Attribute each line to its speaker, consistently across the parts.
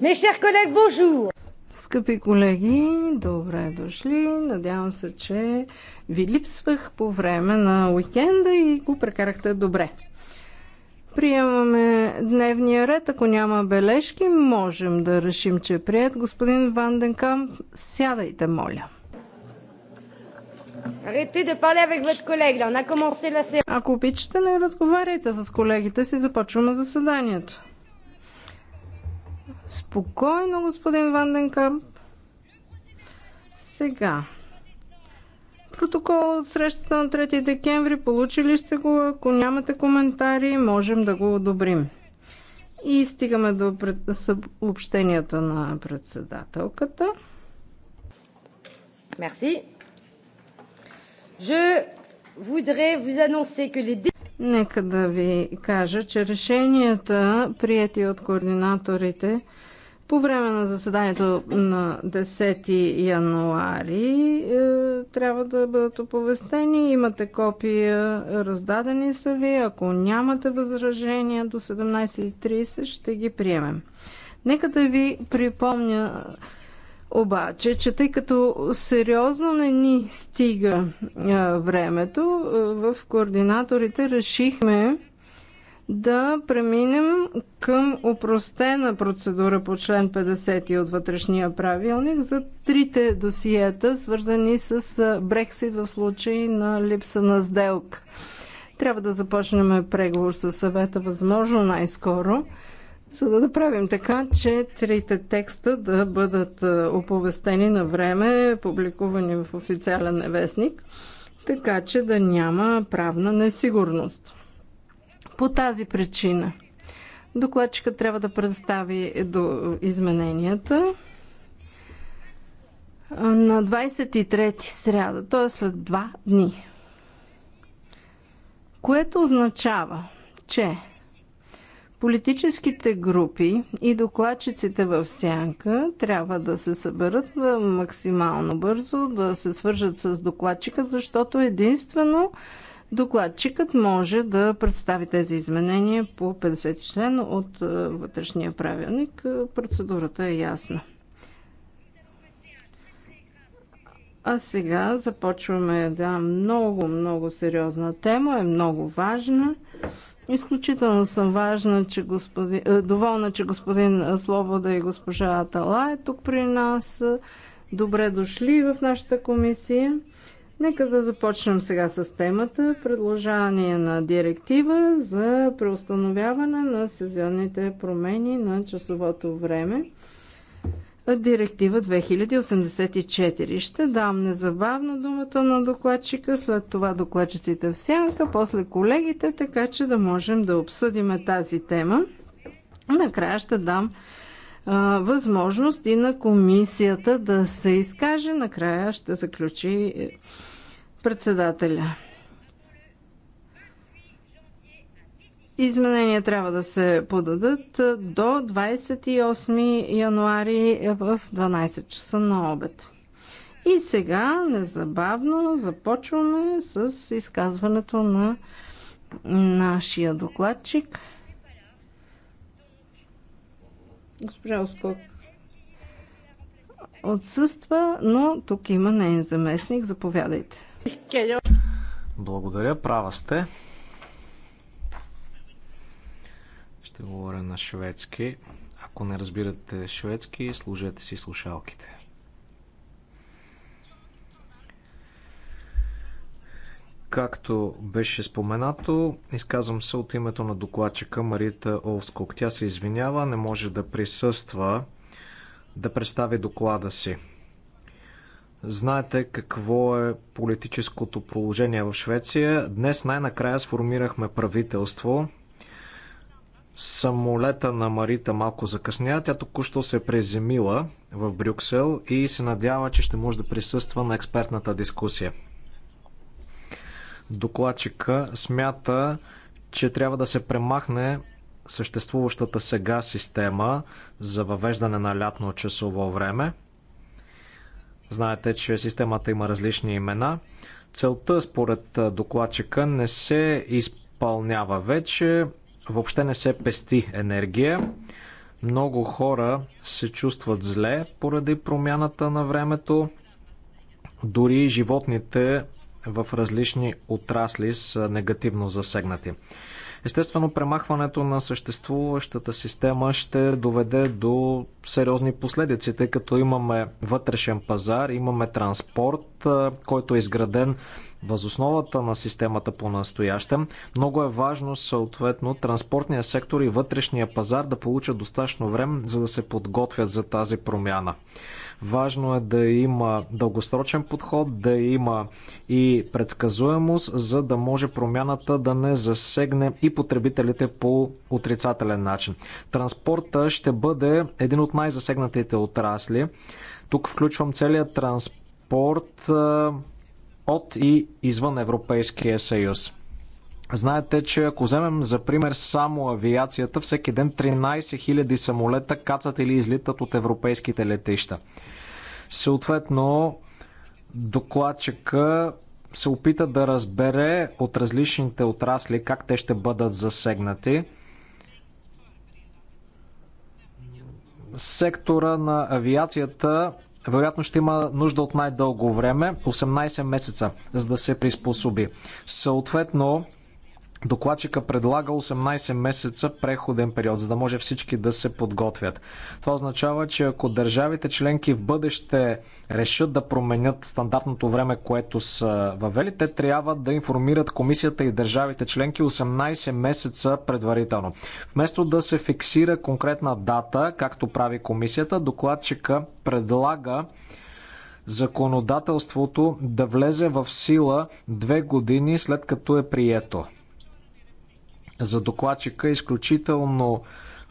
Speaker 1: Mes chers collègues, bonjour! Скъпи колеги, добре дошли. Надявам се, че ви липсвах по време на уикенда и го прекарахте добре. Приемаме дневния ред. Ако няма бележки, можем да решим, че е прият. Господин Ванденкам, сядайте, моля. Ако обичате, не разговаряйте с колегите си. Започваме заседанието. Спокойно, господин Ванденкамп. Сега. Протокол от срещата на 3 декември. Получили сте го. Ако нямате коментари, можем да го одобрим. И стигаме до съобщенията на председателката. Мерси. Je voudrais vous annoncer que les Нека да ви кажа, че решенията, прияти от координаторите по време на заседанието на 10 януари, е, трябва да бъдат оповестени. Имате копия, раздадени са ви. Ако нямате възражения до 17.30, ще ги приемем. Нека да ви припомня обаче, че тъй като сериозно не ни стига времето, в координаторите решихме да преминем към упростена процедура по член 50 от вътрешния правилник за трите досиета, свързани с Брексит в случай на липса на сделка. Трябва да започнем преговор с съвета възможно най-скоро – за да направим така, че трите текста да бъдат е, оповестени на време, публикувани в официален вестник, така че да няма правна несигурност. По тази причина докладчика трябва да представи до измененията е, на 23 сряда, т.е. след два дни. Което означава, че Политическите групи и докладчиците в сянка трябва да се съберат максимално бързо, да се свържат с докладчика, защото единствено докладчикът може да представи тези изменения по 50 член от вътрешния правилник. Процедурата е ясна. А сега започваме една много, много сериозна тема, е много важна Изключително съм важна, че господин, е, доволна, че господин Слобода и госпожа Атала е тук при нас. Добре дошли в нашата комисия. Нека да започнем сега с темата предложение на директива за преустановяване на сезонните промени на часовото време Директива 2084. Ще дам незабавно думата на докладчика, след това докладчиците в сянка, после колегите, така че да можем да обсъдиме тази тема. Накрая ще дам а, възможност и на комисията да се изкаже. Накрая ще заключи е, председателя. Изменения трябва да се подадат до 28 януари в 12 часа на обед. И сега незабавно започваме с изказването на нашия докладчик. Госпожа Оскок отсъства, но тук има нейен заместник. Заповядайте.
Speaker 2: Благодаря, права сте. Ще говоря на шведски. Ако не разбирате шведски, служете си слушалките. Както беше споменато, изказвам се от името на докладчика Марита Олскок. Тя се извинява, не може да присъства да представи доклада си. Знаете какво е политическото положение в Швеция. Днес най-накрая сформирахме правителство самолета на Марита малко закъсня. Тя току-що се е преземила в Брюксел и се надява, че ще може да присъства на експертната дискусия. Докладчика смята, че трябва да се премахне съществуващата сега система за въвеждане на лятно часово време. Знаете, че системата има различни имена. Целта, според докладчика, не се изпълнява вече въобще не се пести енергия. Много хора се чувстват зле поради промяната на времето. Дори животните в различни отрасли са негативно засегнати. Естествено, премахването на съществуващата система ще доведе до сериозни последици, тъй като имаме вътрешен пазар, имаме транспорт, който е изграден възосновата на системата по настоящем. Много е важно съответно транспортния сектор и вътрешния пазар да получат достатъчно време, за да се подготвят за тази промяна. Важно е да има дългосрочен подход, да има и предсказуемост, за да може промяната да не засегне и потребителите по отрицателен начин. Транспорта ще бъде един от най-засегнатите отрасли. Тук включвам целият транспорт, от и извън Европейския съюз. Знаете, че ако вземем за пример само авиацията, всеки ден 13 000 самолета кацат или излитат от европейските летища. Съответно, докладчика се опита да разбере от различните отрасли как те ще бъдат засегнати. Сектора на авиацията вероятно ще има нужда от най-дълго време 18 месеца, за да се приспособи. Съответно, Докладчика предлага 18 месеца преходен период, за да може всички да се подготвят. Това означава, че ако държавите членки в бъдеще решат да променят стандартното време, което са въвели, те трябва да информират комисията и държавите членки 18 месеца предварително. Вместо да се фиксира конкретна дата, както прави комисията, докладчика предлага законодателството да влезе в сила две години след като е прието за докладчика е изключително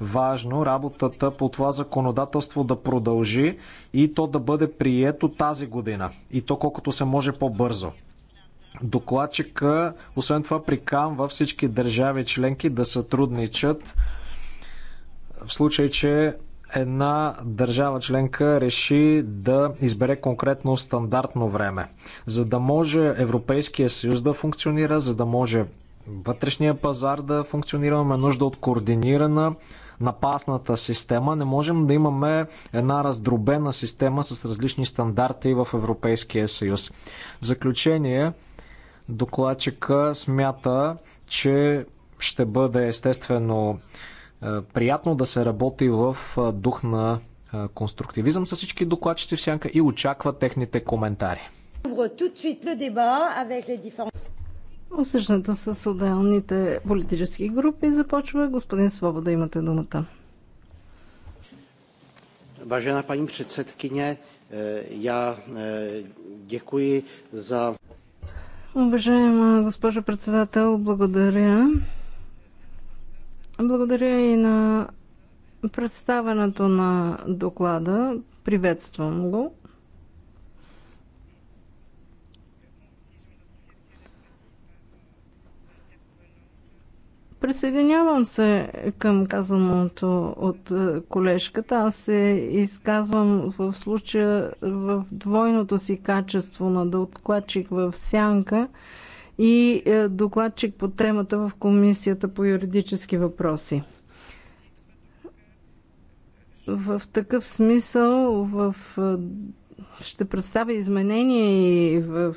Speaker 2: важно работата по това законодателство да продължи и то да бъде прието тази година. И то колкото се може по-бързо. Докладчика, освен това, приканва всички държави членки да сътрудничат в случай, че една държава членка реши да избере конкретно стандартно време. За да може Европейския съюз да функционира, за да може вътрешния пазар да функционира, имаме нужда от координирана напасната система. Не можем да имаме една раздробена система с различни стандарти в Европейския съюз. В заключение, докладчика смята, че ще бъде естествено е, приятно да се работи в е, дух на е, конструктивизъм с всички докладчици в сянка и очаква техните коментари.
Speaker 1: Осъщането с отделните политически групи започва. Господин Свобода, имате думата.
Speaker 2: Важена пани председкиня, е, я е, дякую за...
Speaker 1: Уважаема госпожо председател, благодаря. Благодаря и на представенето на доклада. Приветствам го. Присъединявам се към казаното от е, колежката. Аз се изказвам в случая в двойното си качество на докладчик в Сянка и е, докладчик по темата в Комисията по юридически въпроси. В такъв смисъл в... Е, ще представя изменения и в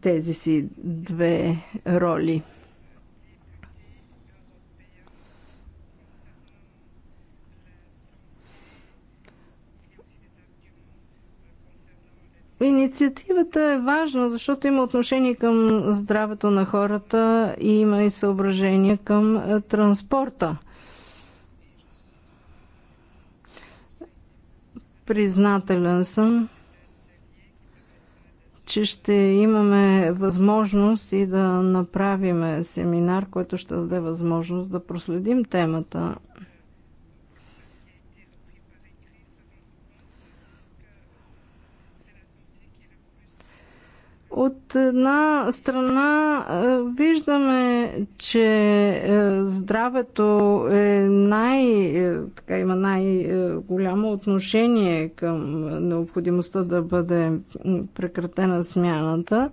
Speaker 1: тези си две роли. Инициативата е важна, защото има отношение към здравето на хората и има и съображение към е, транспорта. Признателен съм че ще имаме възможност и да направим семинар, който ще даде възможност да проследим темата От една страна е, виждаме, че е, здравето е най, е, така, има най-голямо отношение към необходимостта да бъде прекратена смяната.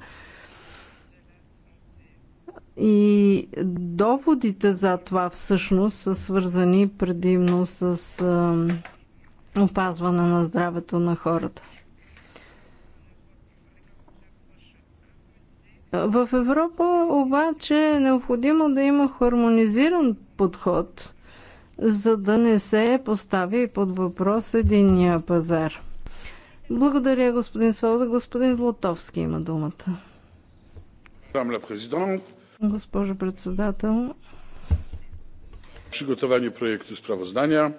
Speaker 1: И доводите за това всъщност са свързани предимно с опазване на здравето на хората. В Европа обаче е необходимо да има хармонизиран подход, за да не се постави под въпрос единния пазар. Благодаря, господин Свобода. Господин Златовски има думата. Госпожо председател. Przygotowanie projektu sprawozdania.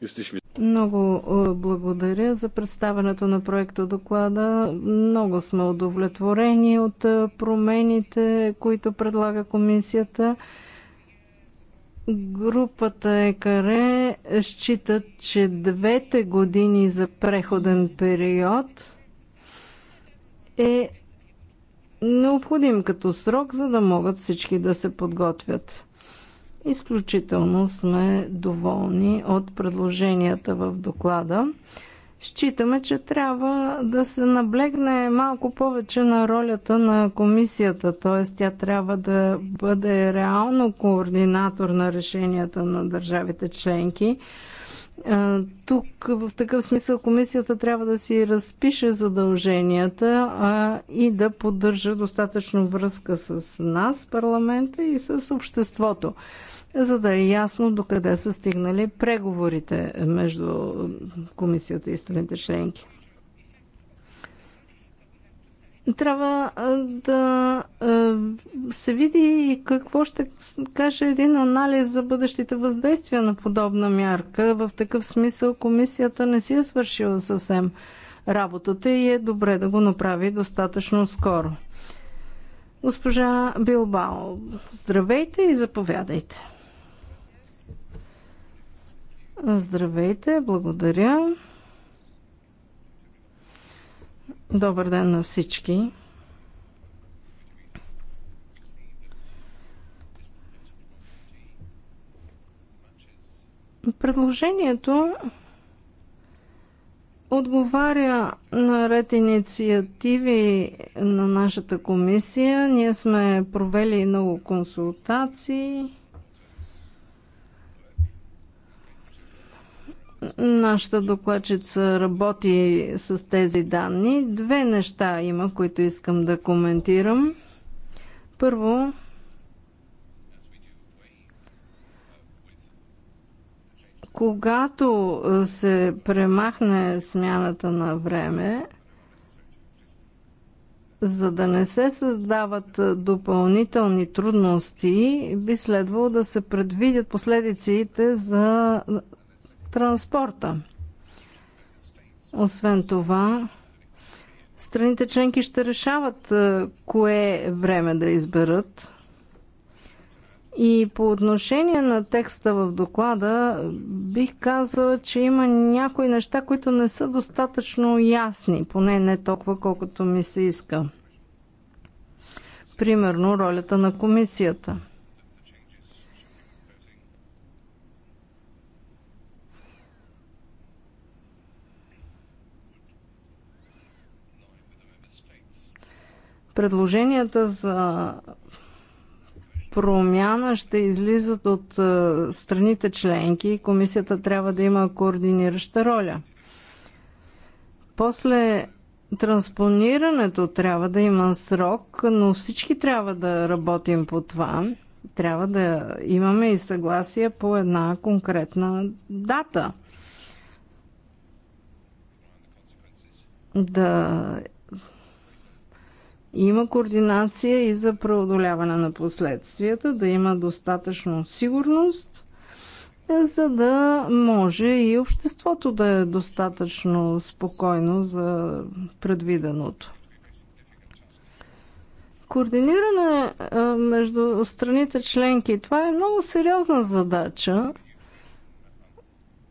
Speaker 1: Jesteśmy много е, благодаря за представенето на проекта доклада. Много сме удовлетворени от е, промените, които предлага комисията. Групата ЕКАРЕ считат, че двете години за преходен период е необходим като срок, за да могат всички да се подготвят. Изключително сме доволни от предложенията в доклада. Считаме, че трябва да се наблегне малко повече на ролята на комисията, т.е. тя трябва да бъде реално координатор на решенията на държавите членки тук в такъв смисъл комисията трябва да си разпише задълженията а, и да поддържа достатъчно връзка с нас, парламента и с обществото, за да е ясно докъде са стигнали преговорите между комисията и страните членки трябва да се види какво ще каже един анализ за бъдещите въздействия на подобна мярка. В такъв смисъл комисията не си е свършила съвсем работата и е добре да го направи достатъчно скоро. Госпожа Билбао, здравейте и заповядайте. Здравейте, благодаря. Добър ден на всички. Предложението отговаря на ред инициативи на нашата комисия. Ние сме провели много консултации Нашата докладчица работи с тези данни. Две неща има, които искам да коментирам. Първо, когато се премахне смяната на време, за да не се създават допълнителни трудности, би следвало да се предвидят последиците за транспорта. Освен това, страните членки ще решават е, кое е време да изберат. И по отношение на текста в доклада, бих казала, че има някои неща, които не са достатъчно ясни, поне не толкова колкото ми се иска. Примерно ролята на комисията – предложенията за промяна ще излизат от е, страните членки и комисията трябва да има координираща роля. После транспонирането трябва да има срок, но всички трябва да работим по това. Трябва да имаме и съгласие по една конкретна дата. Да има координация и за преодоляване на последствията, да има достатъчно сигурност, за да може и обществото да е достатъчно спокойно за предвиденото. Координиране между страните членки, това е много сериозна задача.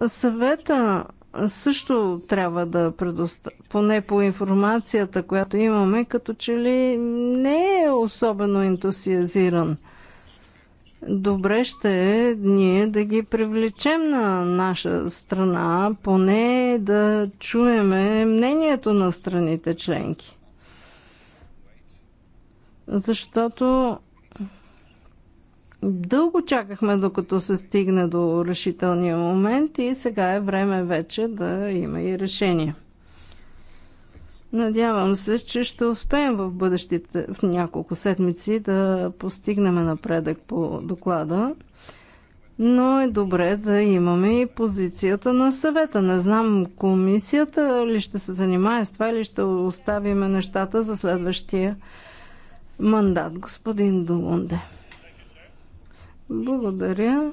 Speaker 1: Съвета също трябва да предоставя, поне по информацията, която имаме, като че ли не е особено ентусиазиран. Добре ще е ние да ги привлечем на наша страна, поне да чуеме мнението на страните членки. Защото Дълго чакахме, докато се стигне до решителния момент и сега е време вече да има и решение. Надявам се, че ще успеем в бъдещите в няколко седмици да постигнем напредък по доклада, но е добре да имаме и позицията на съвета. Не знам комисията ли ще се занимае с това или ще оставиме нещата за следващия мандат, господин Долунде. Благодаря.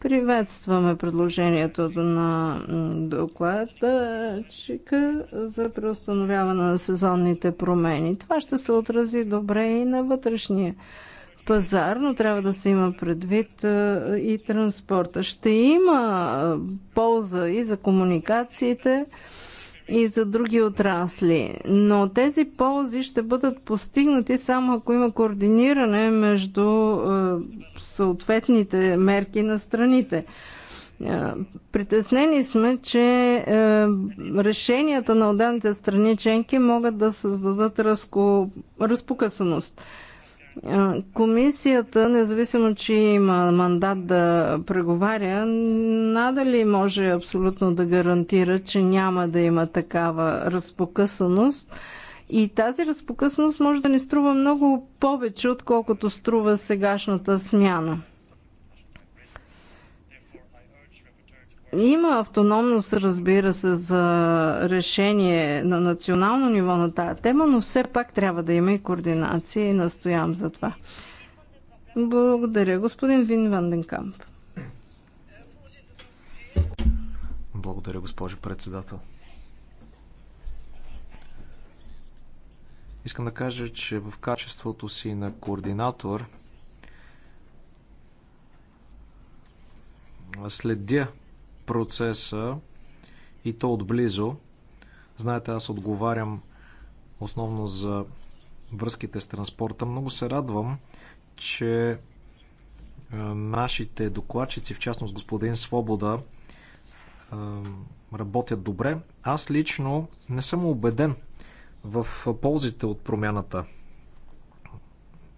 Speaker 1: Приветстваме предложението на докладчика за преустановяване на сезонните промени. Това ще се отрази добре и на вътрешния пазар, но трябва да се има предвид и транспорта. Ще има полза и за комуникациите, и за други отрасли. Но тези ползи ще бъдат постигнати само ако има координиране между е, съответните мерки на страните. Е, притеснени сме, че е, решенията на отделните страни членки могат да създадат разко... разпокъсаност. Комисията, независимо, че има мандат да преговаря, надали може абсолютно да гарантира, че няма да има такава разпокъсаност. И тази разпокъсаност може да ни струва много повече, отколкото струва сегашната смяна. Има автономност, разбира се, за решение на национално ниво на тая тема, но все пак трябва да има и координация и настоявам за това. Благодаря, господин Вин Ванденкамп.
Speaker 2: Благодаря, госпожо председател. Искам да кажа, че в качеството си на координатор следя процеса и то отблизо. Знаете, аз отговарям основно за връзките с транспорта. Много се радвам, че нашите докладчици, в частност господин Свобода, работят добре. Аз лично не съм убеден в ползите от промяната.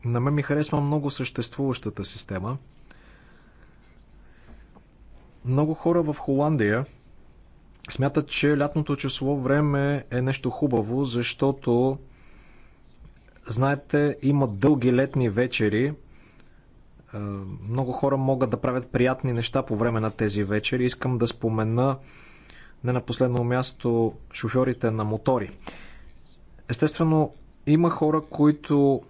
Speaker 2: На мен ми харесва много съществуващата система. Много хора в Холандия смятат, че лятното число време е нещо хубаво, защото знаете, има дълги летни вечери. Е, много хора могат да правят приятни неща по време на тези вечери. Искам да спомена не на последно място шофьорите на мотори. Естествено, има хора, които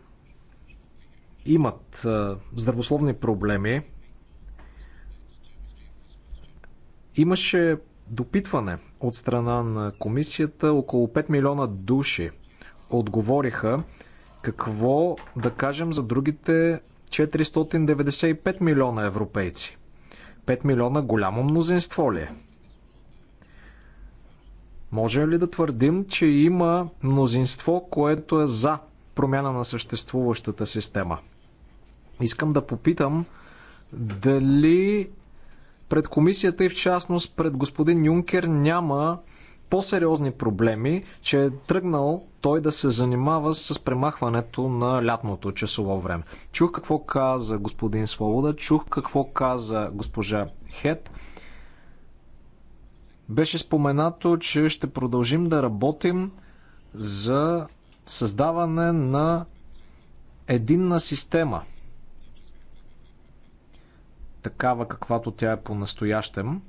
Speaker 2: имат е, здравословни проблеми. Имаше допитване от страна на комисията. Около 5 милиона души отговориха какво да кажем за другите 495 милиона европейци. 5 милиона голямо мнозинство ли е? Може ли да твърдим, че има мнозинство, което е за промяна на съществуващата система? Искам да попитам дали пред комисията и в частност пред господин Юнкер няма по-сериозни проблеми, че е тръгнал той да се занимава с премахването на лятното часово време. Чух какво каза господин Свобода, чух какво каза госпожа Хет. Беше споменато, че ще продължим да работим за създаване на единна система – такава каквато тя е по-настоящем.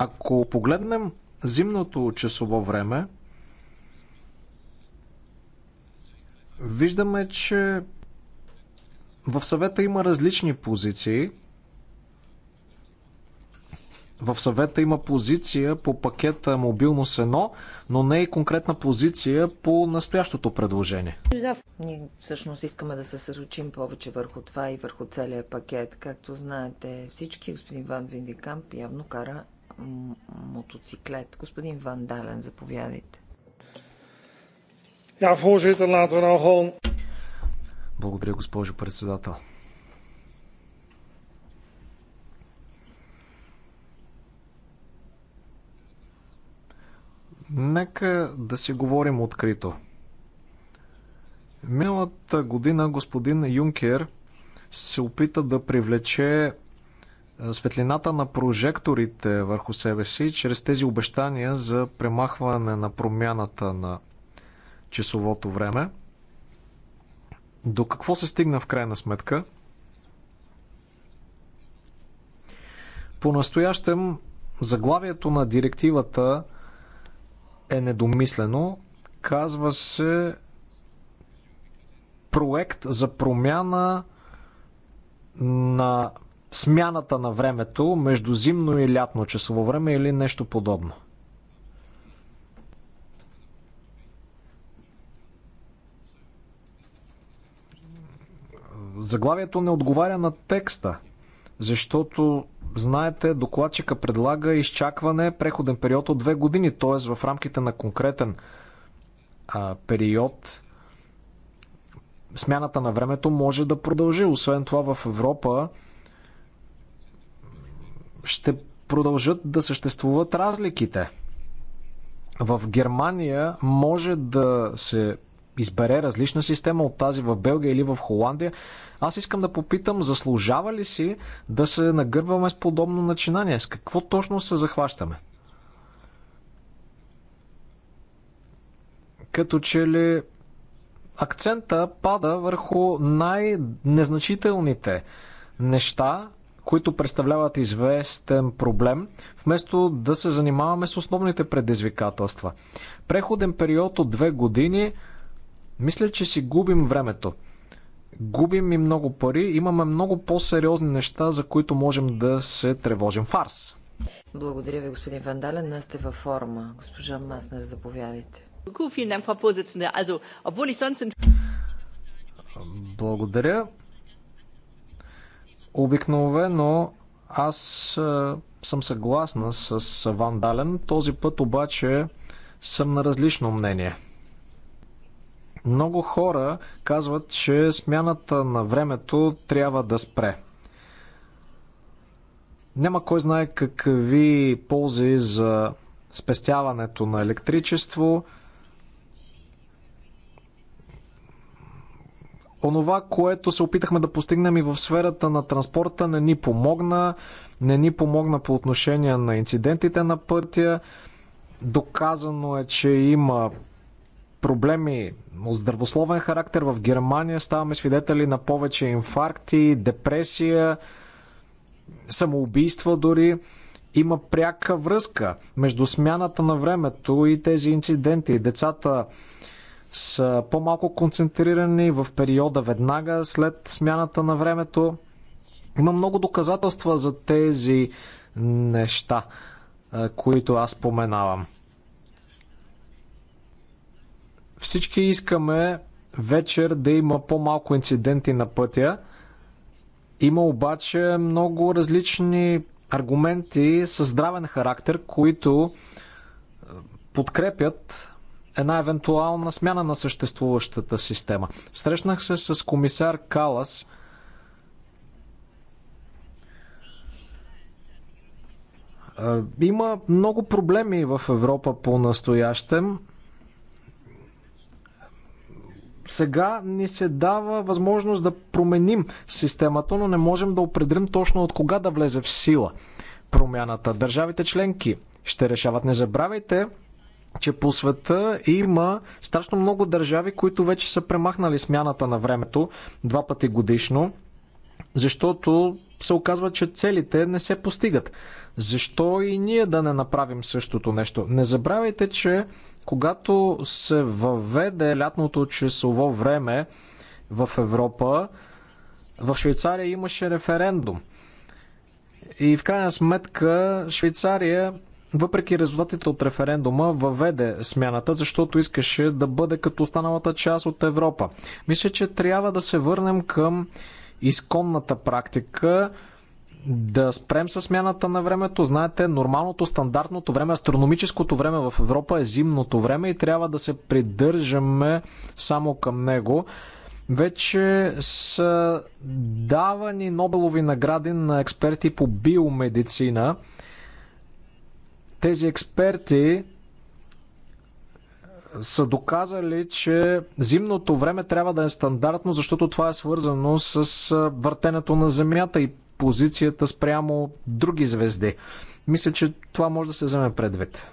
Speaker 2: Ако погледнем зимното часово време, виждаме, че в съвета има различни позиции – в съвета има позиция по пакета мобилност 1, но не и е конкретна позиция по настоящото предложение.
Speaker 3: Ние всъщност искаме да се съсредоточим повече върху това и върху целия пакет. Както знаете всички, господин Ван Виндикамп явно кара мотоциклет. Господин Ван Дален, заповядайте. Ja, voorzitter, laten we gewoon...
Speaker 2: Благодаря, госпожо председател. Нека да си говорим открито. Миналата година господин Юнкер се опита да привлече е, светлината на прожекторите върху себе си чрез тези обещания за премахване на промяната на часовото време. До какво се стигна в крайна сметка? По-настоящем заглавието на директивата – е недомислено. Казва се проект за промяна на смяната на времето между зимно и лятно часово време или нещо подобно. Заглавието не отговаря на текста, защото Знаете, докладчика предлага изчакване, преходен период от две години, т.е. в рамките на конкретен а, период смяната на времето може да продължи. Освен това в Европа ще продължат да съществуват разликите. В Германия може да се избере различна система от тази в Белгия или в Холандия. Аз искам да попитам, заслужава ли си да се нагърбваме с подобно начинание? С какво точно се захващаме? Като че ли акцента пада върху най-незначителните неща, които представляват известен проблем, вместо да се занимаваме с основните предизвикателства. Преходен период от две години мисля, че си губим времето. Губим и много пари. Имаме много по-сериозни неща, за които можем да се тревожим. Фарс!
Speaker 3: Благодаря ви, господин Вандален. Днес сте във форма. Госпожа Маснер, заповядайте.
Speaker 2: Благодаря. Обикновено аз съм съгласна с Ван Дален. Този път обаче съм на различно мнение – много хора казват, че смяната на времето трябва да спре. Няма кой знае какви ползи за спестяването на електричество. Онова, което се опитахме да постигнем и в сферата на транспорта, не ни помогна. Не ни помогна по отношение на инцидентите на пътя. Доказано е, че има проблеми от здравословен характер. В Германия ставаме свидетели на повече инфаркти, депресия, самоубийства дори. Има пряка връзка между смяната на времето и тези инциденти. Децата са по-малко концентрирани в периода веднага след смяната на времето. Има много доказателства за тези неща, които аз споменавам. Всички искаме вечер да има по-малко инциденти на пътя. Има обаче много различни аргументи с здравен характер, които е, подкрепят една евентуална смяна на съществуващата система. Срещнах се с комисар Калас. Е, има много проблеми в Европа по настоящем сега ни се дава възможност да променим системата, но не можем да определим точно от кога да влезе в сила промяната. Държавите членки ще решават. Не забравяйте, че по света има страшно много държави, които вече са премахнали смяната на времето два пъти годишно, защото се оказва, че целите не се постигат. Защо и ние да не направим същото нещо? Не забравяйте, че когато се въведе лятното часово време в Европа, в Швейцария имаше референдум. И в крайна сметка Швейцария, въпреки резултатите от референдума, въведе смяната, защото искаше да бъде като останалата част от Европа. Мисля, че трябва да се върнем към изконната практика, да спрем с смяната на времето. Знаете, нормалното, стандартното време, астрономическото време в Европа е зимното време и трябва да се придържаме само към него. Вече са давани Нобелови награди на експерти по биомедицина. Тези експерти са доказали, че зимното време трябва да е стандартно, защото това е свързано с въртенето на Земята и позицията спрямо други звезди. Мисля, че това може да се вземе предвид.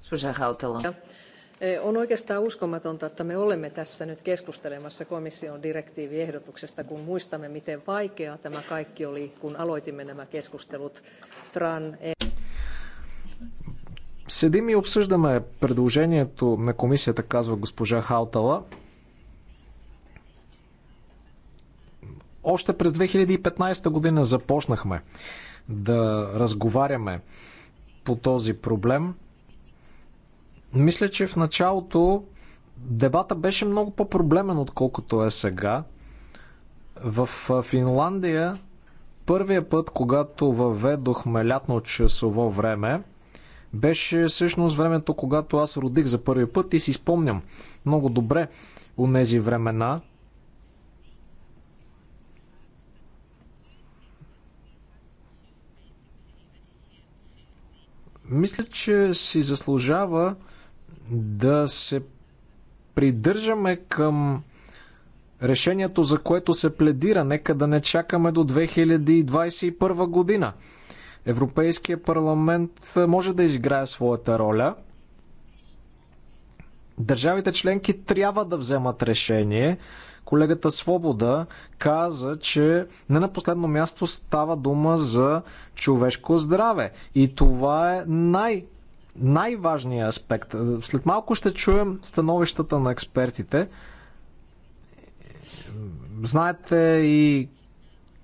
Speaker 3: Госпожа Хаутела. On oikeastaan uskomatonta, että me olemme tässä nyt keskustelemassa komission direktiiviehdotuksesta, kun muistamme, miten vaikeaa tämä kaikki oli, kun aloitimme nämä keskustelut TRAN.
Speaker 2: Седим и обсъждаме предложението на комисията, казва госпожа Хаутала. Още през 2015 година започнахме да разговаряме по този проблем. Мисля, че в началото дебата беше много по-проблемен, отколкото е сега. В Финландия първия път, когато въведохме лятно часово време, беше всъщност времето, когато аз родих за първи път и си спомням много добре у нези времена – Мисля, че си заслужава да се придържаме към решението, за което се пледира. Нека да не чакаме до 2021 година. Европейския парламент може да изиграе своята роля. Държавите членки трябва да вземат решение. Колегата Свобода каза, че не на последно място става дума за човешко здраве. И това е най- най-важният аспект. След малко ще чуем становищата на експертите. Знаете и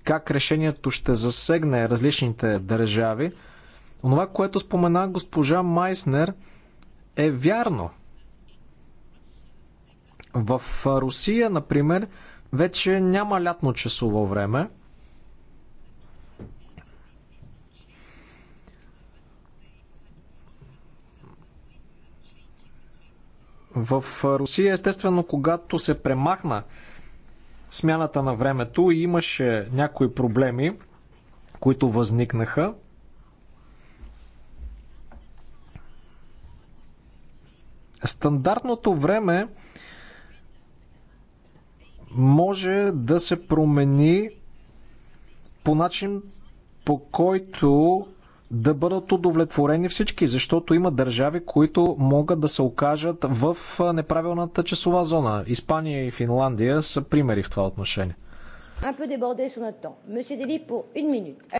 Speaker 2: как решението ще засегне различните държави. Онова, което спомена госпожа Майснер, е вярно. В Русия, например, вече няма лятно часово време. В Русия, естествено, когато се премахна смяната на времето, имаше някои проблеми, които възникнаха. Стандартното време може да се промени по начин, по който да бъдат удовлетворени всички, защото има държави, които могат да се окажат в неправилната часова зона. Испания и Финландия са примери в това отношение.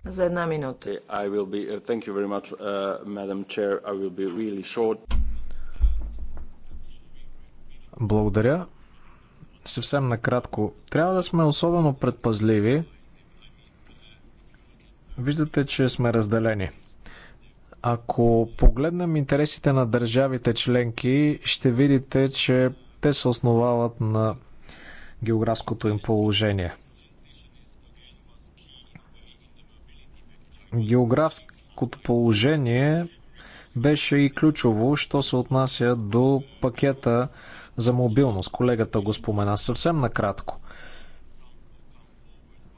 Speaker 3: За една минута. Uh,
Speaker 1: uh,
Speaker 2: Благодаря съвсем накратко. Трябва да сме особено предпазливи. Виждате, че сме разделени. Ако погледнем интересите на държавите членки, ще видите, че те се основават на географското им положение. Географското положение беше и ключово, що се отнася до пакета за мобилност. Колегата го спомена съвсем накратко.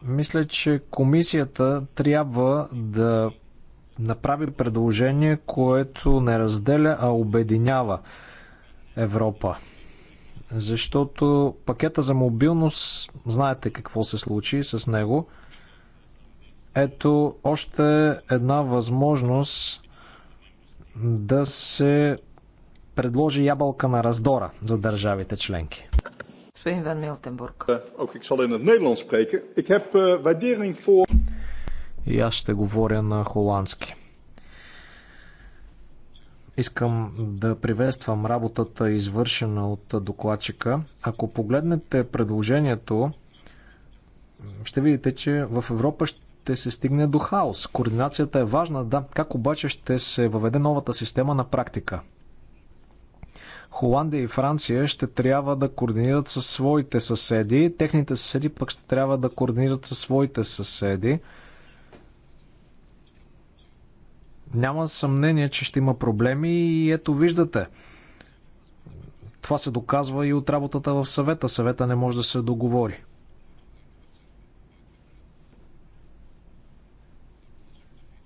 Speaker 2: Мисля, че комисията трябва да направи предложение, което не разделя, а обединява Европа. Защото пакета за мобилност, знаете какво се случи с него. Ето още една възможност да се предложи ябълка на раздора за държавите членки.
Speaker 3: Господин Ван Милтенбург.
Speaker 2: И аз ще говоря на холандски. Искам да приветствам работата, извършена от докладчика. Ако погледнете предложението, ще видите, че в Европа ще се стигне до хаос. Координацията е важна, да. Как обаче ще се въведе новата система на практика? Холандия и Франция ще трябва да координират със своите съседи, техните съседи пък ще трябва да координират със своите съседи. Няма съмнение, че ще има проблеми и ето виждате. Това се доказва и от работата в съвета. Съвета не може да се договори.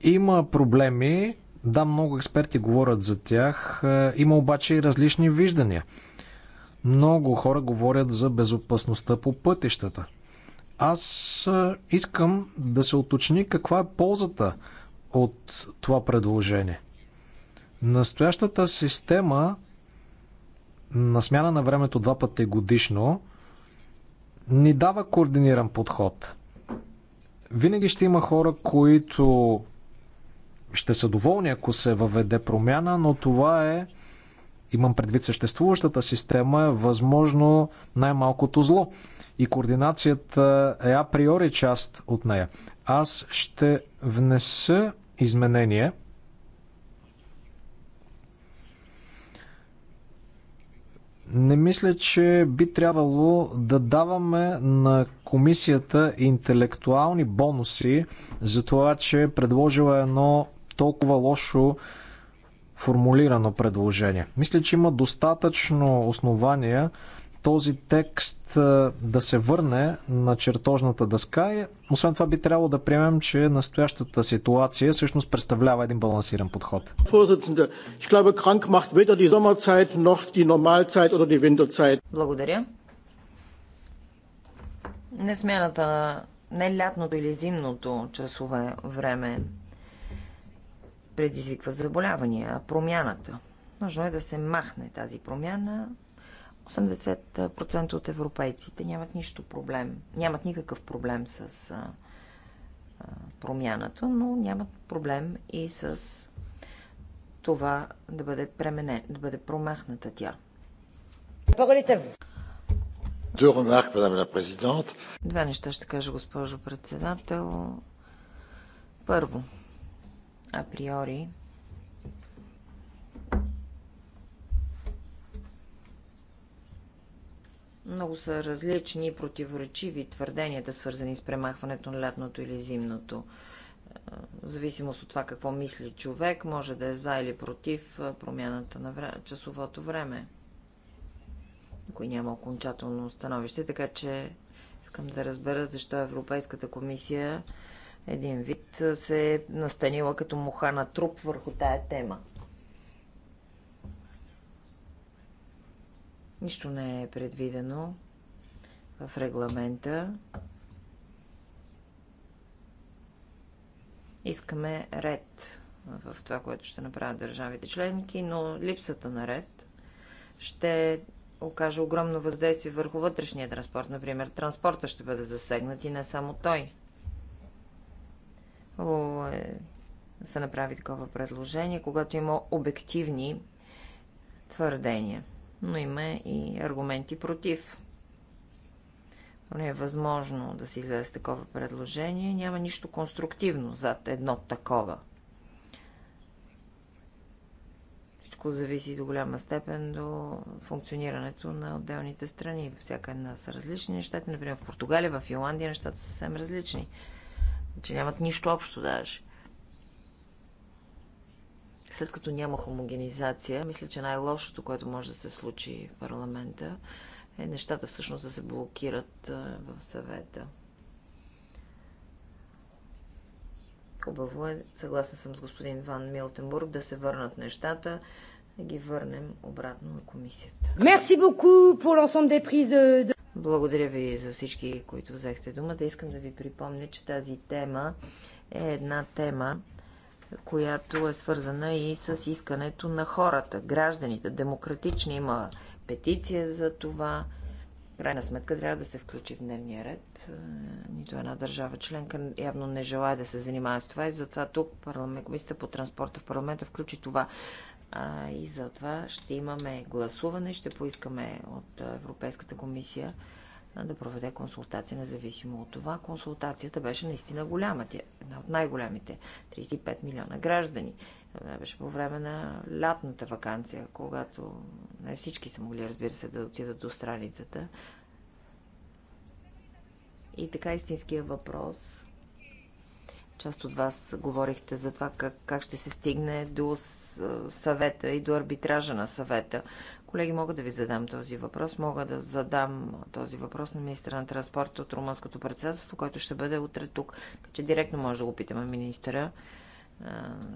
Speaker 2: Има проблеми, да, много експерти говорят за тях. Е, има обаче и различни виждания. Много хора говорят за безопасността по пътищата. Аз е, искам да се уточни каква е ползата от това предложение. Настоящата система на смяна на времето два пъти годишно ни дава координиран подход. Винаги ще има хора, които ще са доволни, ако се въведе промяна, но това е, имам предвид съществуващата система, е възможно най-малкото зло. И координацията е априори част от нея. Аз ще внеса изменение. Не мисля, че би трябвало да даваме на комисията интелектуални бонуси за това, че е предложила едно толкова лошо формулирано предложение. Мисля, че има достатъчно основания този текст да се върне на чертожната дъска. и Освен това би трябвало да приемем, че настоящата ситуация всъщност представлява един балансиран подход.
Speaker 3: Благодаря. Не смяната на не лятното или зимното часове време предизвиква заболявания, а промяната. Нужно е да се махне тази промяна. 80% от европейците нямат нищо проблем, нямат никакъв проблем с промяната, но нямат проблем и с това да бъде, премене, да бъде промахната тя. Е Две неща ще кажа, госпожо председател. Първо, априори Много са различни и противоречиви твърденията, свързани с премахването на лятното или зимното. Е, в зависимост от това какво мисли човек, може да е за или против е, промяната на вре... часовото време. Кой няма окончателно становище, така че искам да разбера защо Европейската комисия един вид се е настанила като муха на труп върху тая тема. Нищо не е предвидено в регламента. Искаме ред в това, което ще направят държавите членки, но липсата на ред ще окаже огромно въздействие върху вътрешния транспорт. Например, транспорта ще бъде засегнат и не само той. Хубаво е да се направи такова предложение, когато има обективни твърдения. Но има и аргументи против. Не е възможно да се излезе с такова предложение. Няма нищо конструктивно зад едно такова. Всичко зависи до голяма степен до функционирането на отделните страни. Всяка една са различни нещата. Например, в Португалия, в Финландия нещата са съвсем различни че нямат нищо общо даже. След като няма хомогенизация, мисля, че най-лошото, което може да се случи в парламента, е нещата всъщност да се блокират в съвета. Хубаво е, съгласна съм с господин Ван Милтенбург, да се върнат нещата, да ги върнем обратно на комисията. Мерси beaucoup pour l'ensemble des prises de... Благодаря ви за всички, които взехте думата. Искам да ви припомня, че тази тема е една тема, която е свързана и с искането на хората, гражданите. Демократични има петиция за това. Крайна сметка трябва да се включи в дневния ред. Е, нито една държава членка явно не желая да се занимава с това и затова тук парламент, Комисията по транспорта в парламента включи това. А, и затова ще имаме гласуване, ще поискаме от Европейската комисия да проведе консултация, независимо от това. Консултацията беше наистина голяма, тя е една от най-голямите, 35 милиона граждани. Беше по време на лятната вакансия, когато не всички са могли, разбира се, да отидат до страницата. И така истинския въпрос, Част от вас говорихте за това как, как ще се стигне до съвета и до арбитража на съвета Колеги, мога да ви задам този въпрос. Мога да задам този въпрос на министра на транспорта от Румънското председателство, който ще бъде утре тук. Така че директно може да го питаме министра.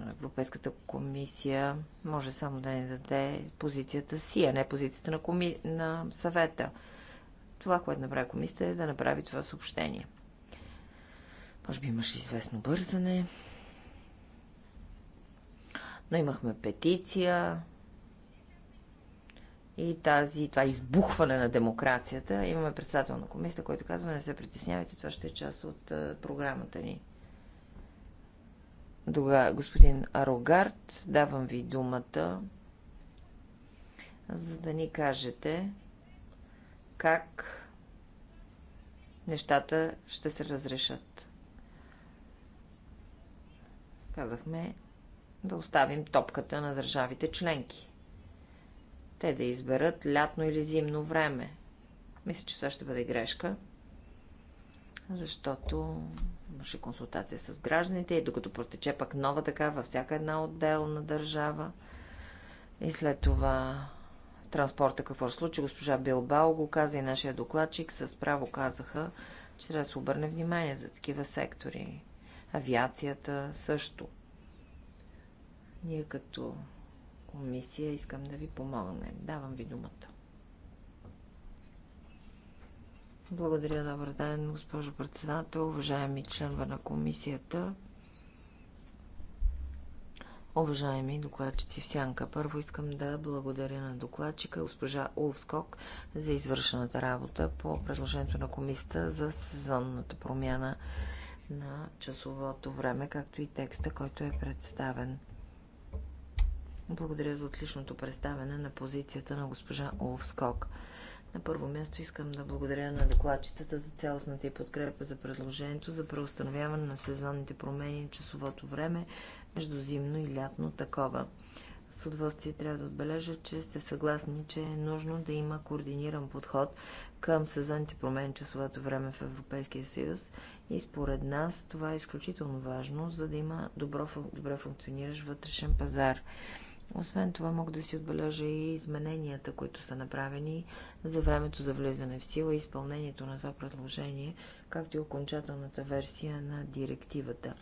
Speaker 3: Европейската комисия може само да ни даде позицията си, а не позицията на, коми... на съвета. Това, което направи комисията е да направи това съобщение. Може би имаше известно бързане. Но имахме петиция, и тази, това избухване на демокрацията. Имаме председател на комисията, който казва, не се притеснявайте, това ще е част от а, програмата ни. Дога, господин Арогард, давам ви думата, за да ни кажете как нещата ще се разрешат. Казахме да оставим топката на държавите членки те да изберат лятно или зимно време. Мисля, че това ще бъде грешка, защото имаше консултация с гражданите и докато протече пък нова така във всяка една отделна държава и след това транспорта какво ще случи, госпожа Билбао го каза и нашия докладчик с право казаха, че трябва да се обърне внимание за такива сектори. Авиацията също. Ние като комисия искам да ви помогнем. Давам ви думата. Благодаря, добър ден, госпожо председател, уважаеми членове на комисията, уважаеми докладчици в Сянка. Първо искам да благодаря на докладчика госпожа Улскок за извършената работа по предложението на комисията за сезонната промяна на часовото време, както и текста, който е представен. Благодаря за отличното представяне на позицията на госпожа Олвскок. На първо място искам да благодаря на докладчицата за цялостната и подкрепа за предложението за преустановяване на сезонните промени в часовото време между зимно и лятно такова. С удоволствие трябва да отбележа, че сте съгласни, че е нужно да има координиран подход към сезонните промени часовото време в Европейския съюз и според нас това е изключително важно, за да има добро, добре функциониращ вътрешен пазар. Освен това мога да си отбележа и измененията, които са направени за времето за влизане в сила и изпълнението на това предложение, както и окончателната версия на директивата.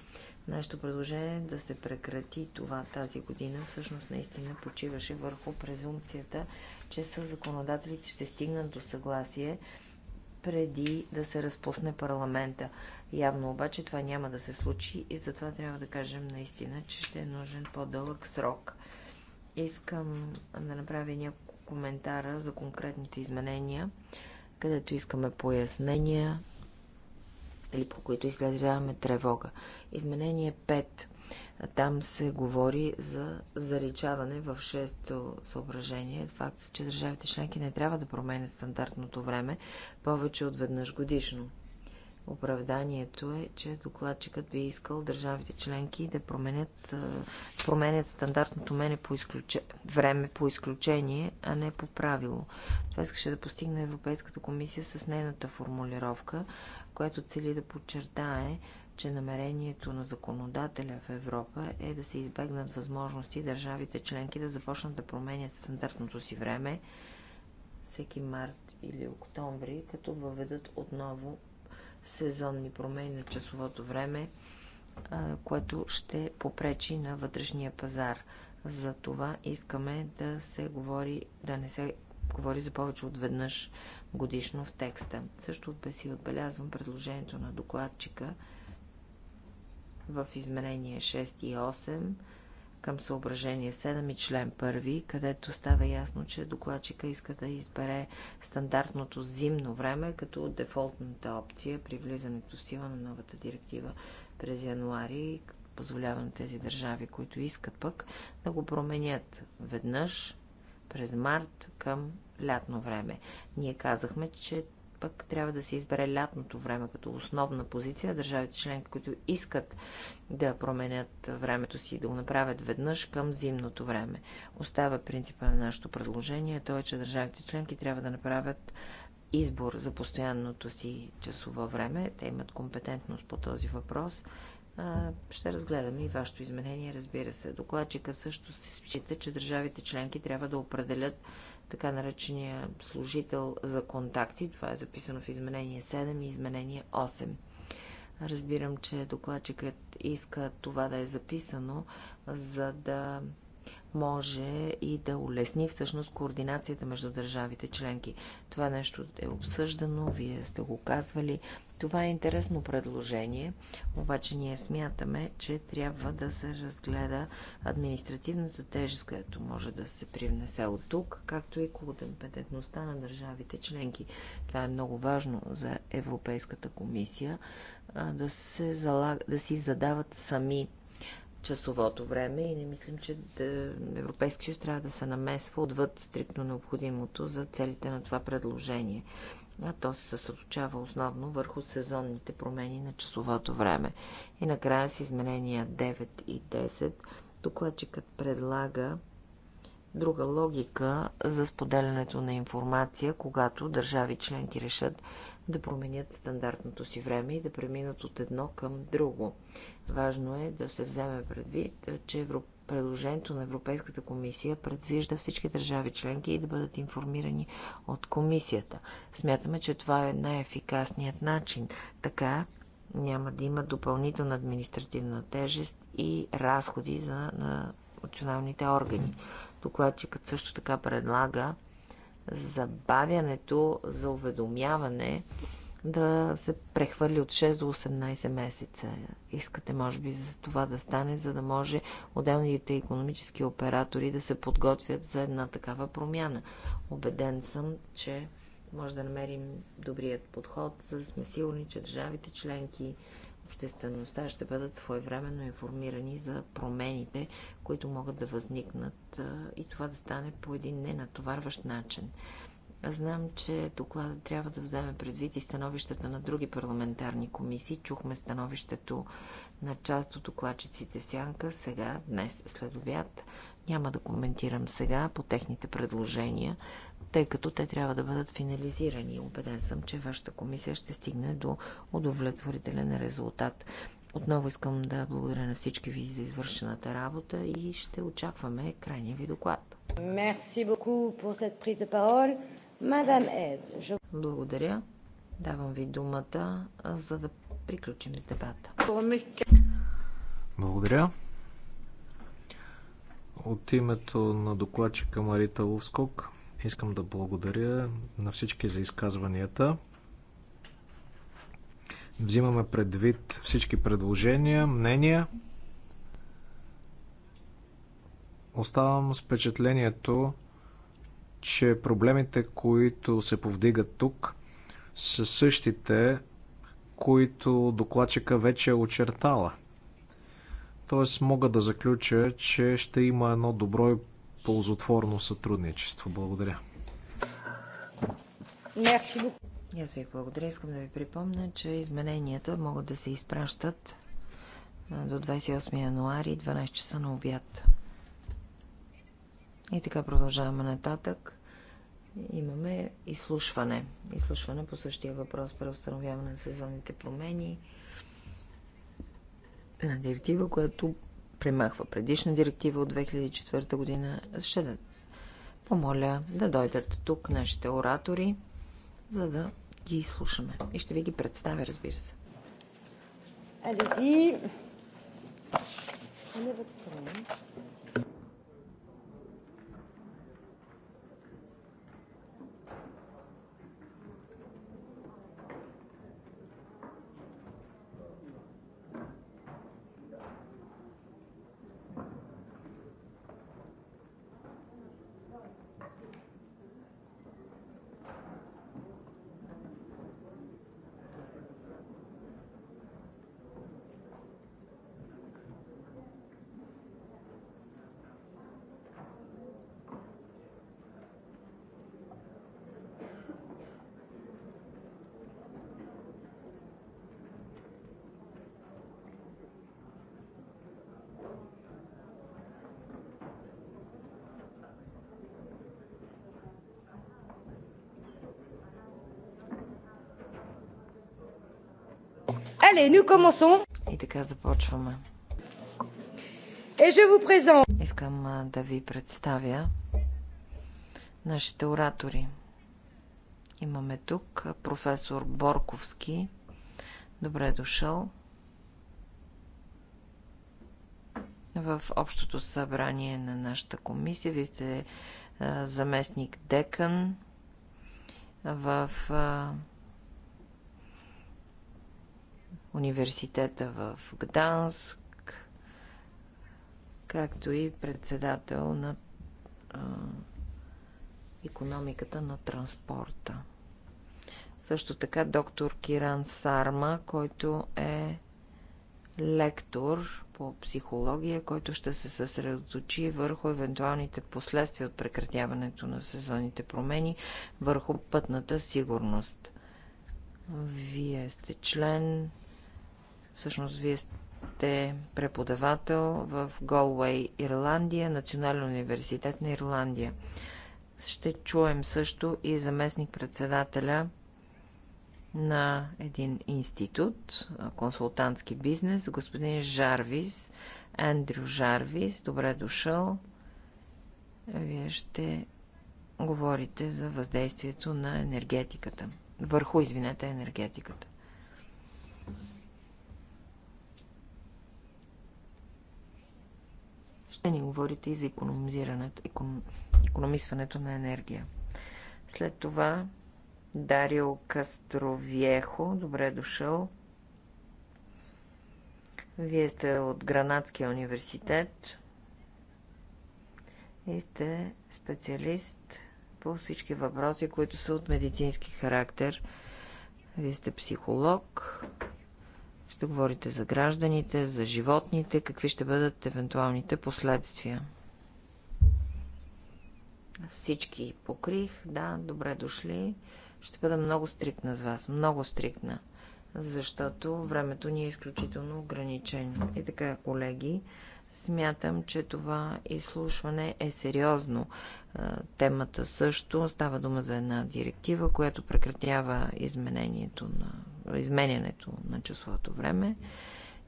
Speaker 3: Нашето предложение е да се прекрати това тази година всъщност наистина почиваше върху презумпцията, че са законодателите ще стигнат до съгласие преди да се разпусне парламента. Явно обаче това няма да се случи и затова трябва да кажем наистина, че ще е нужен по-дълъг срок. Искам да направя няколко коментара за конкретните изменения, където искаме пояснения или по които изследваме тревога. Изменение 5. Там се говори за заличаване в 6-то съображение. Факт, че държавите членки не трябва да променят стандартното време повече от веднъж годишно. Оправданието е, че докладчикът би искал държавите членки да променят, променят стандартното мене по изключе... време по изключение, а не по правило. Това искаше да постигне Европейската комисия с нейната формулировка, която цели да подчертае, че намерението на законодателя в Европа е да се избегнат възможности държавите членки да започнат да променят стандартното си време всеки март или октомври, като въведат отново сезонни промени на часовото време, което ще попречи на вътрешния пазар. За това искаме да се говори, да не се говори за повече от веднъж годишно в текста. Също си отбелязвам предложението на докладчика в изменение 6 и 8 към съображение 7 и член 1, където става ясно, че докладчика иска да избере стандартното зимно време като дефолтната опция при влизането в сила на новата директива през януари, позволява на тези държави, които искат пък, да го променят веднъж през март към лятно време. Ние казахме, че пък трябва да се избере лятното време като основна позиция. Държавите членки, които искат да променят времето си, и да го направят веднъж към зимното време. Остава принципа на нашето предложение. То е, че държавите членки трябва да направят избор за постоянното си часово време. Те имат компетентност по този въпрос. Ще разгледаме и вашето изменение, разбира се. Докладчика също се счита, че държавите членки трябва да определят така наречения служител за контакти. Това е записано в изменение 7 и изменение 8. Разбирам, че докладчикът иска това да е записано, за да може и да улесни всъщност координацията между държавите членки. Това нещо е обсъждано, вие сте го казвали. Това е интересно предложение, обаче ние смятаме, че трябва да се разгледа административната тежест, която може да се привнесе от тук, както и компетентността на държавите членки. Това е много важно за Европейската комисия да, се залаг... да си задават сами часовото време и не мислим, че да, Европейския съюз трябва да се намесва отвъд стрикно необходимото за целите на това предложение а то се съсредоточава основно върху сезонните промени на часовото време. И накрая с изменения 9 и 10 докладчикът предлага друга логика за споделянето на информация, когато държави членки решат да променят стандартното си време и да преминат от едно към друго. Важно е да се вземе предвид, че Европа Предложението на Европейската комисия предвижда всички държави членки да бъдат информирани от комисията. Смятаме, че това е най-ефикасният начин. Така няма да има допълнителна административна тежест и разходи за на националните органи. Докладчикът също така предлага забавянето за уведомяване да се прехвърли от 6 до 18 месеца. Искате, може би, за това да стане, за да може отделните економически оператори да се подготвят за една такава промяна. Обеден съм, че може да намерим добрият подход, за да сме сигурни, че държавите членки обществеността ще бъдат своевременно информирани за промените, които могат да възникнат и това да стане по един ненатоварващ начин. Знам, че докладът трябва да вземе предвид и становищата на други парламентарни комисии. Чухме становището на част от докладчиците Сянка сега, днес, след обяд. Няма да коментирам сега по техните предложения, тъй като те трябва да бъдат финализирани. Обеден съм, че вашата комисия ще стигне до удовлетворителен резултат. Отново искам да благодаря на всички ви за извършената работа и ще очакваме крайния ви доклад. Merci beaucoup pour cette prise de parole. Мадам Ед. Благодаря. Давам ви думата, за да приключим с дебата.
Speaker 2: Благодаря. От името на докладчика Марита Ловскок искам да благодаря на всички за изказванията. Взимаме предвид всички предложения, мнения. Оставам с впечатлението, че проблемите, които се повдигат тук, са същите, които докладчика вече е очертала. Тоест мога да заключа, че ще има едно добро и ползотворно сътрудничество. Благодаря.
Speaker 3: Мерси. Аз ви благодаря. Искам да ви припомня, че измененията могат да се изпращат до 28 януари 12 часа на обяд. И така продължаваме нататък. Имаме изслушване. Изслушване по същия въпрос, преустановяване на сезонните промени. Една директива, която премахва предишна директива от 2004 година. Ще да помоля да дойдат тук нашите оратори, за да ги изслушаме. И ще ви ги представя, разбира се.
Speaker 1: Allez-y. Allez votre
Speaker 3: Allez, nous commençons. И така започваме. Et je vous présente. Искам да ви представя нашите оратори. Имаме тук професор Борковски. Добре е дошъл. В общото събрание на нашата комисия. Вие сте заместник декан в университета в Гданск, както и председател на а, економиката на транспорта. Също така доктор Киран Сарма, който е лектор по психология, който ще се съсредоточи върху евентуалните последствия от прекратяването на сезонните промени върху пътната сигурност. Вие сте член Всъщност, вие сте преподавател в Голуей, Ирландия, Национален университет на Ирландия. Ще чуем също и заместник-председателя на един институт, консултантски бизнес, господин Жарвис, Андрю Жарвис. Добре дошъл. Вие ще говорите за въздействието на енергетиката. Върху, извинете, енергетиката. Ще ни говорите и за економизирането, економ... економисването на енергия. След това Дарио Кастровиехо, добре е дошъл. Вие сте от Гранадския университет и сте специалист по всички въпроси, които са от медицински характер. Вие сте психолог ще говорите за гражданите, за животните, какви ще бъдат евентуалните последствия. Всички покрих, да, добре дошли. Ще бъда много стрикна с вас, много стрикна, защото времето ни е изключително ограничено. И така, колеги, смятам, че това изслушване е сериозно. Темата също става дума за една директива, която прекратява изменението на изменянето на часовото време.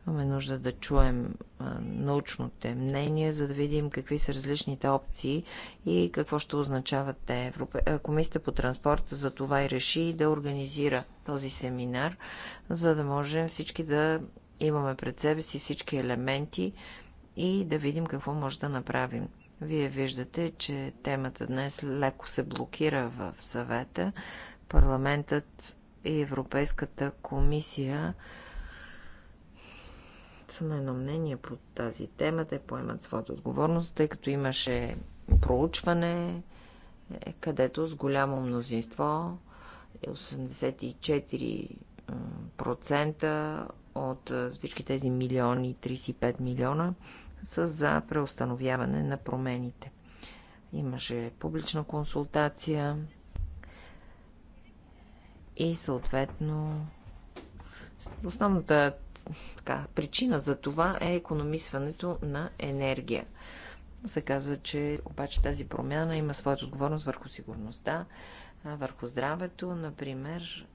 Speaker 3: Имаме нужда да чуем научните мнения, за да видим какви са различните опции и какво ще означават те. Европе... Комисията по транспорт за това и реши да организира този семинар, за да можем всички да имаме пред себе си всички елементи и да видим какво може да направим. Вие виждате, че темата днес леко се блокира в съвета. Парламентът и Европейската комисия са на едно мнение по тази тема. Те поемат своята отговорност, тъй като имаше проучване, е, където с голямо мнозинство 84% е от е, всички тези милиони, 35 милиона, са за преустановяване на промените. Имаше публична консултация и съответно основната така, причина за това е економисването на енергия. Но се казва, че обаче тази промяна има своята отговорност върху сигурността, върху здравето. Например,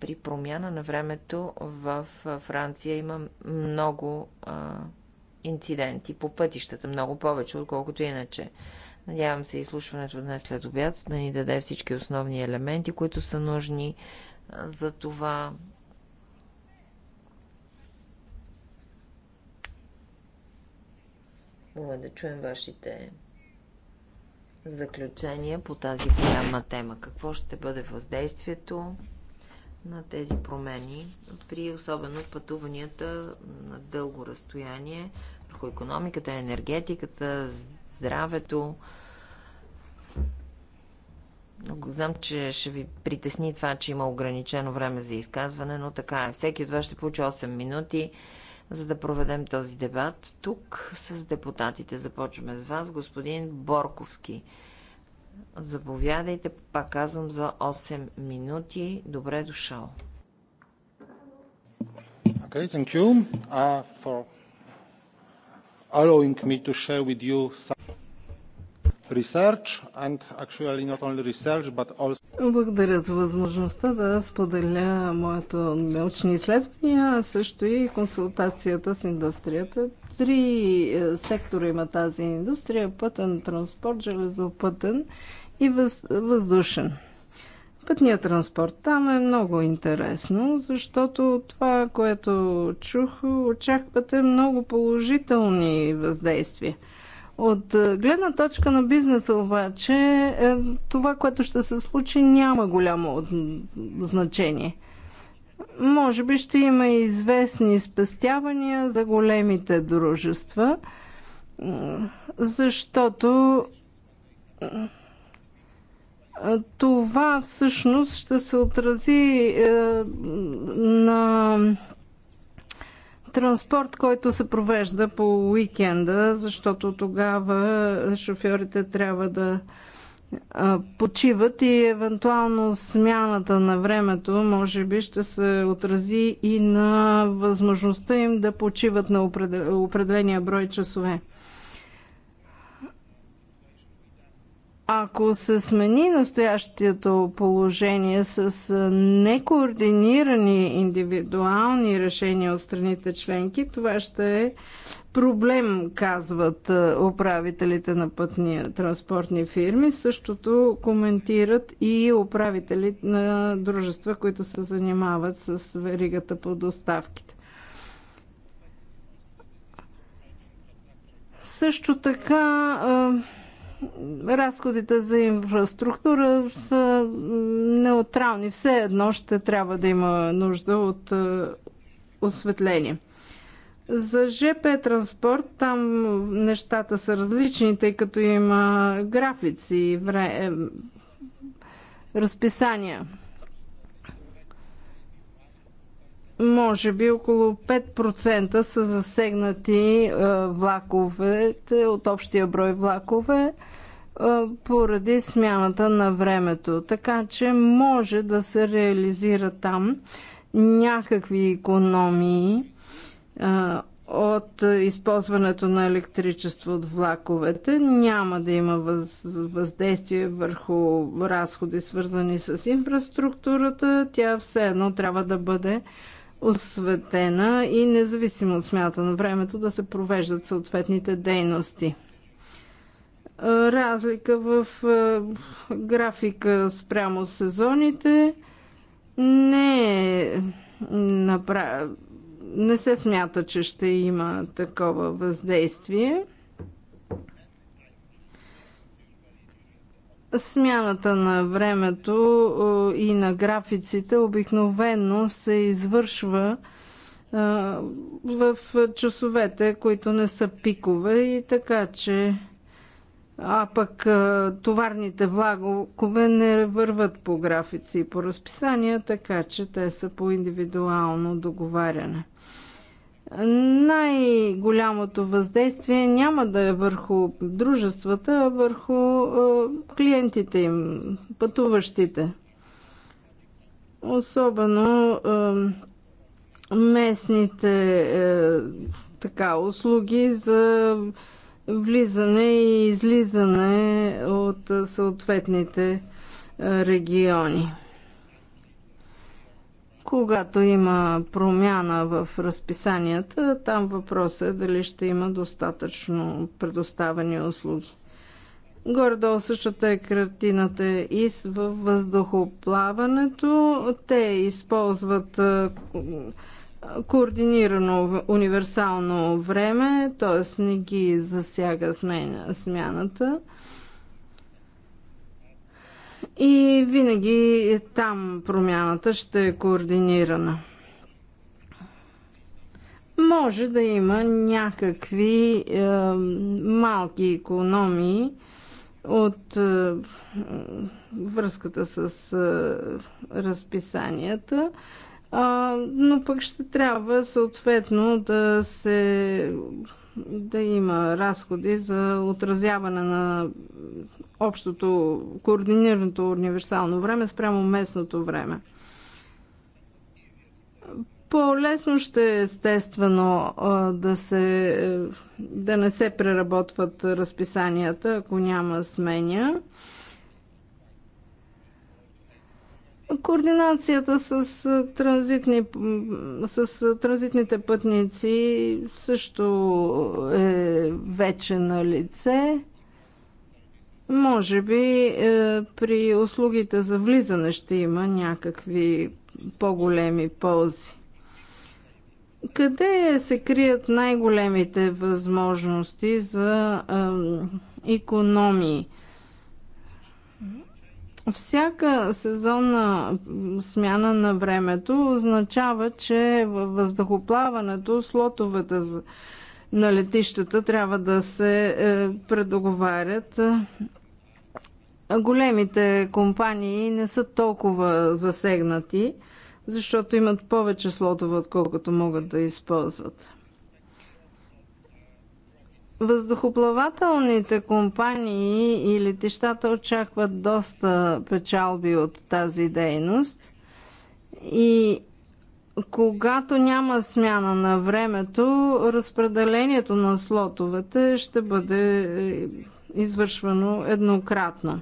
Speaker 3: при промяна на времето в Франция има много а, инциденти по пътищата, много повече, отколкото иначе. Надявам се изслушването днес след обяд да ни даде всички основни елементи, които са нужни за това Мога да чуем вашите заключения по тази голяма тема. Какво ще бъде въздействието на тези промени при особено пътуванията на дълго разстояние върху економиката, енергетиката, здравето. Много знам, че ще ви притесни това, че има ограничено време за изказване, но така е. Всеки от вас ще получи 8 минути, за да проведем този дебат. Тук с депутатите започваме с вас, господин Борковски. Заповядайте, пак казвам, за 8 минути. Добре дошъл.
Speaker 2: Okay, thank you uh, for allowing me to share with you some
Speaker 1: благодаря за възможността да споделя моето научни изследвания, а също и консултацията с индустрията. Три е, сектора има тази индустрия пътен транспорт, железопътен и въздушен. Пътният транспорт там е много интересно, защото това, което чух, очаквате много положителни въздействия – от е, гледна точка на бизнеса обаче, е, това, което ще се случи, няма голямо значение. Може би ще има известни спестявания за големите дружества, защото е, това всъщност ще се отрази на транспорт, който се провежда по уикенда, защото тогава шофьорите трябва да почиват и евентуално смяната на времето може би ще се отрази и на възможността им да почиват на определения брой часове. Ако се смени настоящето положение с некоординирани индивидуални решения от страните членки, това ще е проблем, казват управителите на пътния транспортни фирми. Същото коментират и управители на дружества, които се занимават с веригата по доставките. Също така разходите за инфраструктура са неутрални. Все едно ще трябва да има нужда от е, осветление. За ЖП транспорт там нещата са различни, тъй като има графици, вре... Е, разписания. може би около 5% са засегнати е, влаковете от общия брой влакове е, поради смяната на времето. Така че може да се реализира там някакви економии е, от използването на електричество от влаковете. Няма да има въздействие върху разходи, свързани с инфраструктурата. Тя все едно трябва да бъде осветена и независимо от смята на времето да се провеждат съответните дейности. Е, разлика в е, графика спрямо сезоните не е направ... не се смята, че ще има такова въздействие. Смяната на времето и на графиците обикновено се извършва в часовете, които не са пикове и така, че а пък товарните влакове не върват по графици и по разписания, така че те са по индивидуално договаряне най-голямото въздействие няма да е върху дружествата, а върху клиентите им, пътуващите. Особено местните е, така, услуги за влизане и излизане от съответните региони. Когато има промяна в разписанията, там въпросът е дали ще има достатъчно предоставени услуги. Горе-долу същата е картината и в въздухоплаването. Те използват координирано универсално време, т.е. не ги засяга смяната и винаги там промяната ще е координирана. Може да има някакви е, малки економии от е, връзката с е, разписанията, е, но пък ще трябва съответно да се да има разходи за отразяване на общото координираното универсално време спрямо местното време. По-лесно ще е естествено да, се, е, да не се преработват разписанията, ако няма сменя. Координацията с, транзитни, с транзитните пътници също е вече на лице. Може би е, при услугите за влизане ще има някакви по-големи ползи. Къде се крият най-големите възможности за е, економии? Всяка сезонна смяна на времето означава, че във въздухоплаването слотовете на летищата трябва да се е, предоговарят големите компании не са толкова засегнати, защото имат повече слотове, отколкото могат да използват. Въздухоплавателните компании и летищата очакват доста печалби от тази дейност и когато няма смяна на времето, разпределението на слотовете ще бъде е, извършвано еднократно.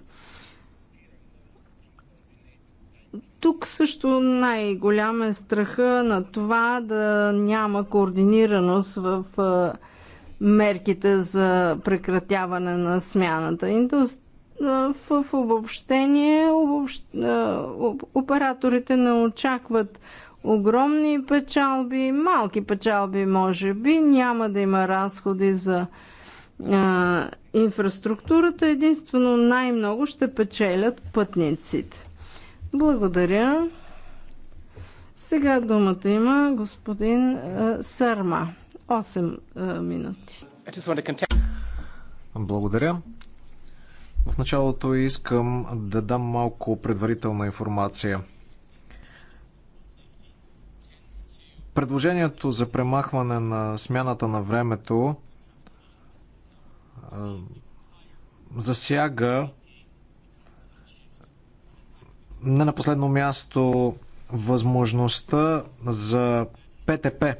Speaker 1: Тук също най-голям е страха на това да няма координираност в мерките за прекратяване на смяната. В обобщение операторите не очакват огромни печалби, малки печалби може би, няма да има разходи за инфраструктурата, единствено най-много ще печелят пътниците. Благодаря. Сега думата има господин е, Сарма. 8 е,
Speaker 2: минути. Благодаря. В началото искам да дам малко предварителна информация. Предложението за премахване на смяната на времето е, засяга не на последно място възможността за ПТП,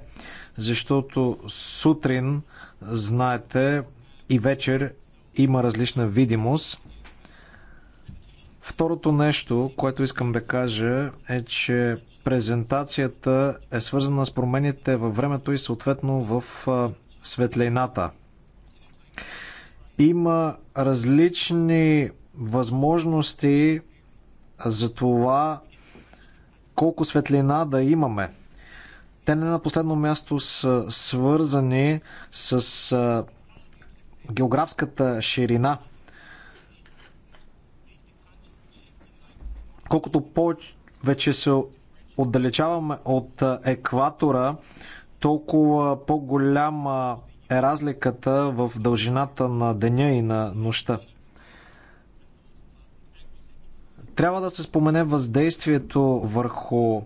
Speaker 2: защото сутрин, знаете, и вечер има различна видимост. Второто нещо, което искам да кажа е, че презентацията е свързана с промените във времето и съответно в светлината. Има различни възможности за това колко светлина да имаме. Те не на последно място са свързани с географската ширина. Колкото повече се отдалечаваме от екватора, толкова по-голяма е разликата в дължината на деня и на нощта. Трябва да се спомене въздействието върху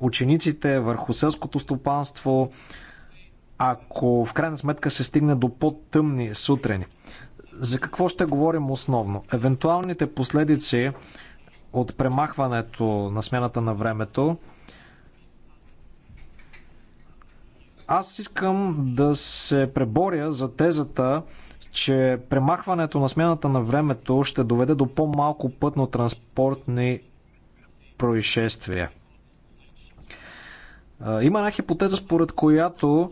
Speaker 2: учениците, върху селското стопанство, ако в крайна сметка се стигне до по-тъмни сутрени. За какво ще говорим основно? Евентуалните последици от премахването на смяната на времето. Аз искам да се преборя за тезата, че премахването на смяната на времето ще доведе до по-малко пътно-транспортни происшествия. Има една хипотеза, според която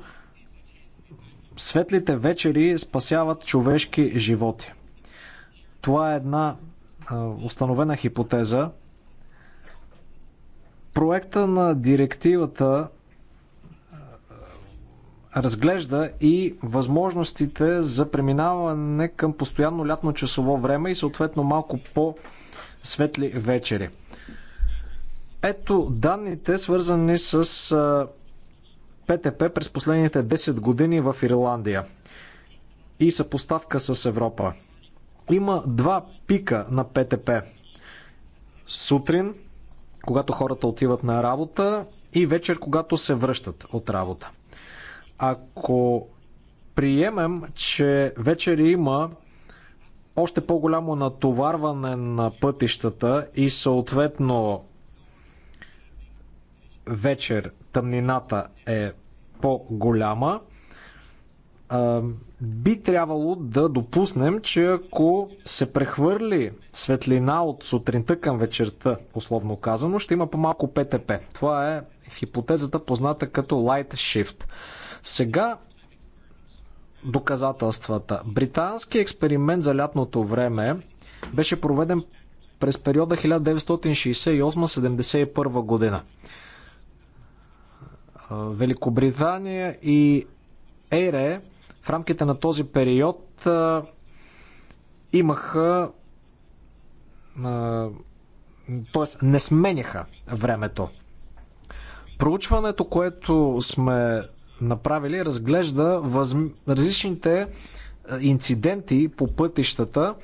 Speaker 2: светлите вечери спасяват човешки животи. Това е една установена хипотеза. Проекта на директивата разглежда и възможностите за преминаване към постоянно лятно часово време и съответно малко по-светли вечери. Ето данните, свързани с ПТП през последните 10 години в Ирландия и съпоставка с Европа. Има два пика на ПТП. Сутрин, когато хората отиват на работа и вечер, когато се връщат от работа. Ако приемем, че вечер има още по-голямо натоварване на пътищата и съответно вечер тъмнината е по-голяма, би трябвало да допуснем, че ако се прехвърли светлина от сутринта към вечерта, условно казано, ще има по-малко ПТП. Това е хипотезата позната като light shift. Сега доказателствата. Британски експеримент за лятното време беше проведен през периода 1968-71 година. Великобритания и ЕРЕ в рамките на този период имаха т.е. не сменяха времето. Проучването, което сме направили, разглежда въз... различните е, инциденти по пътищата,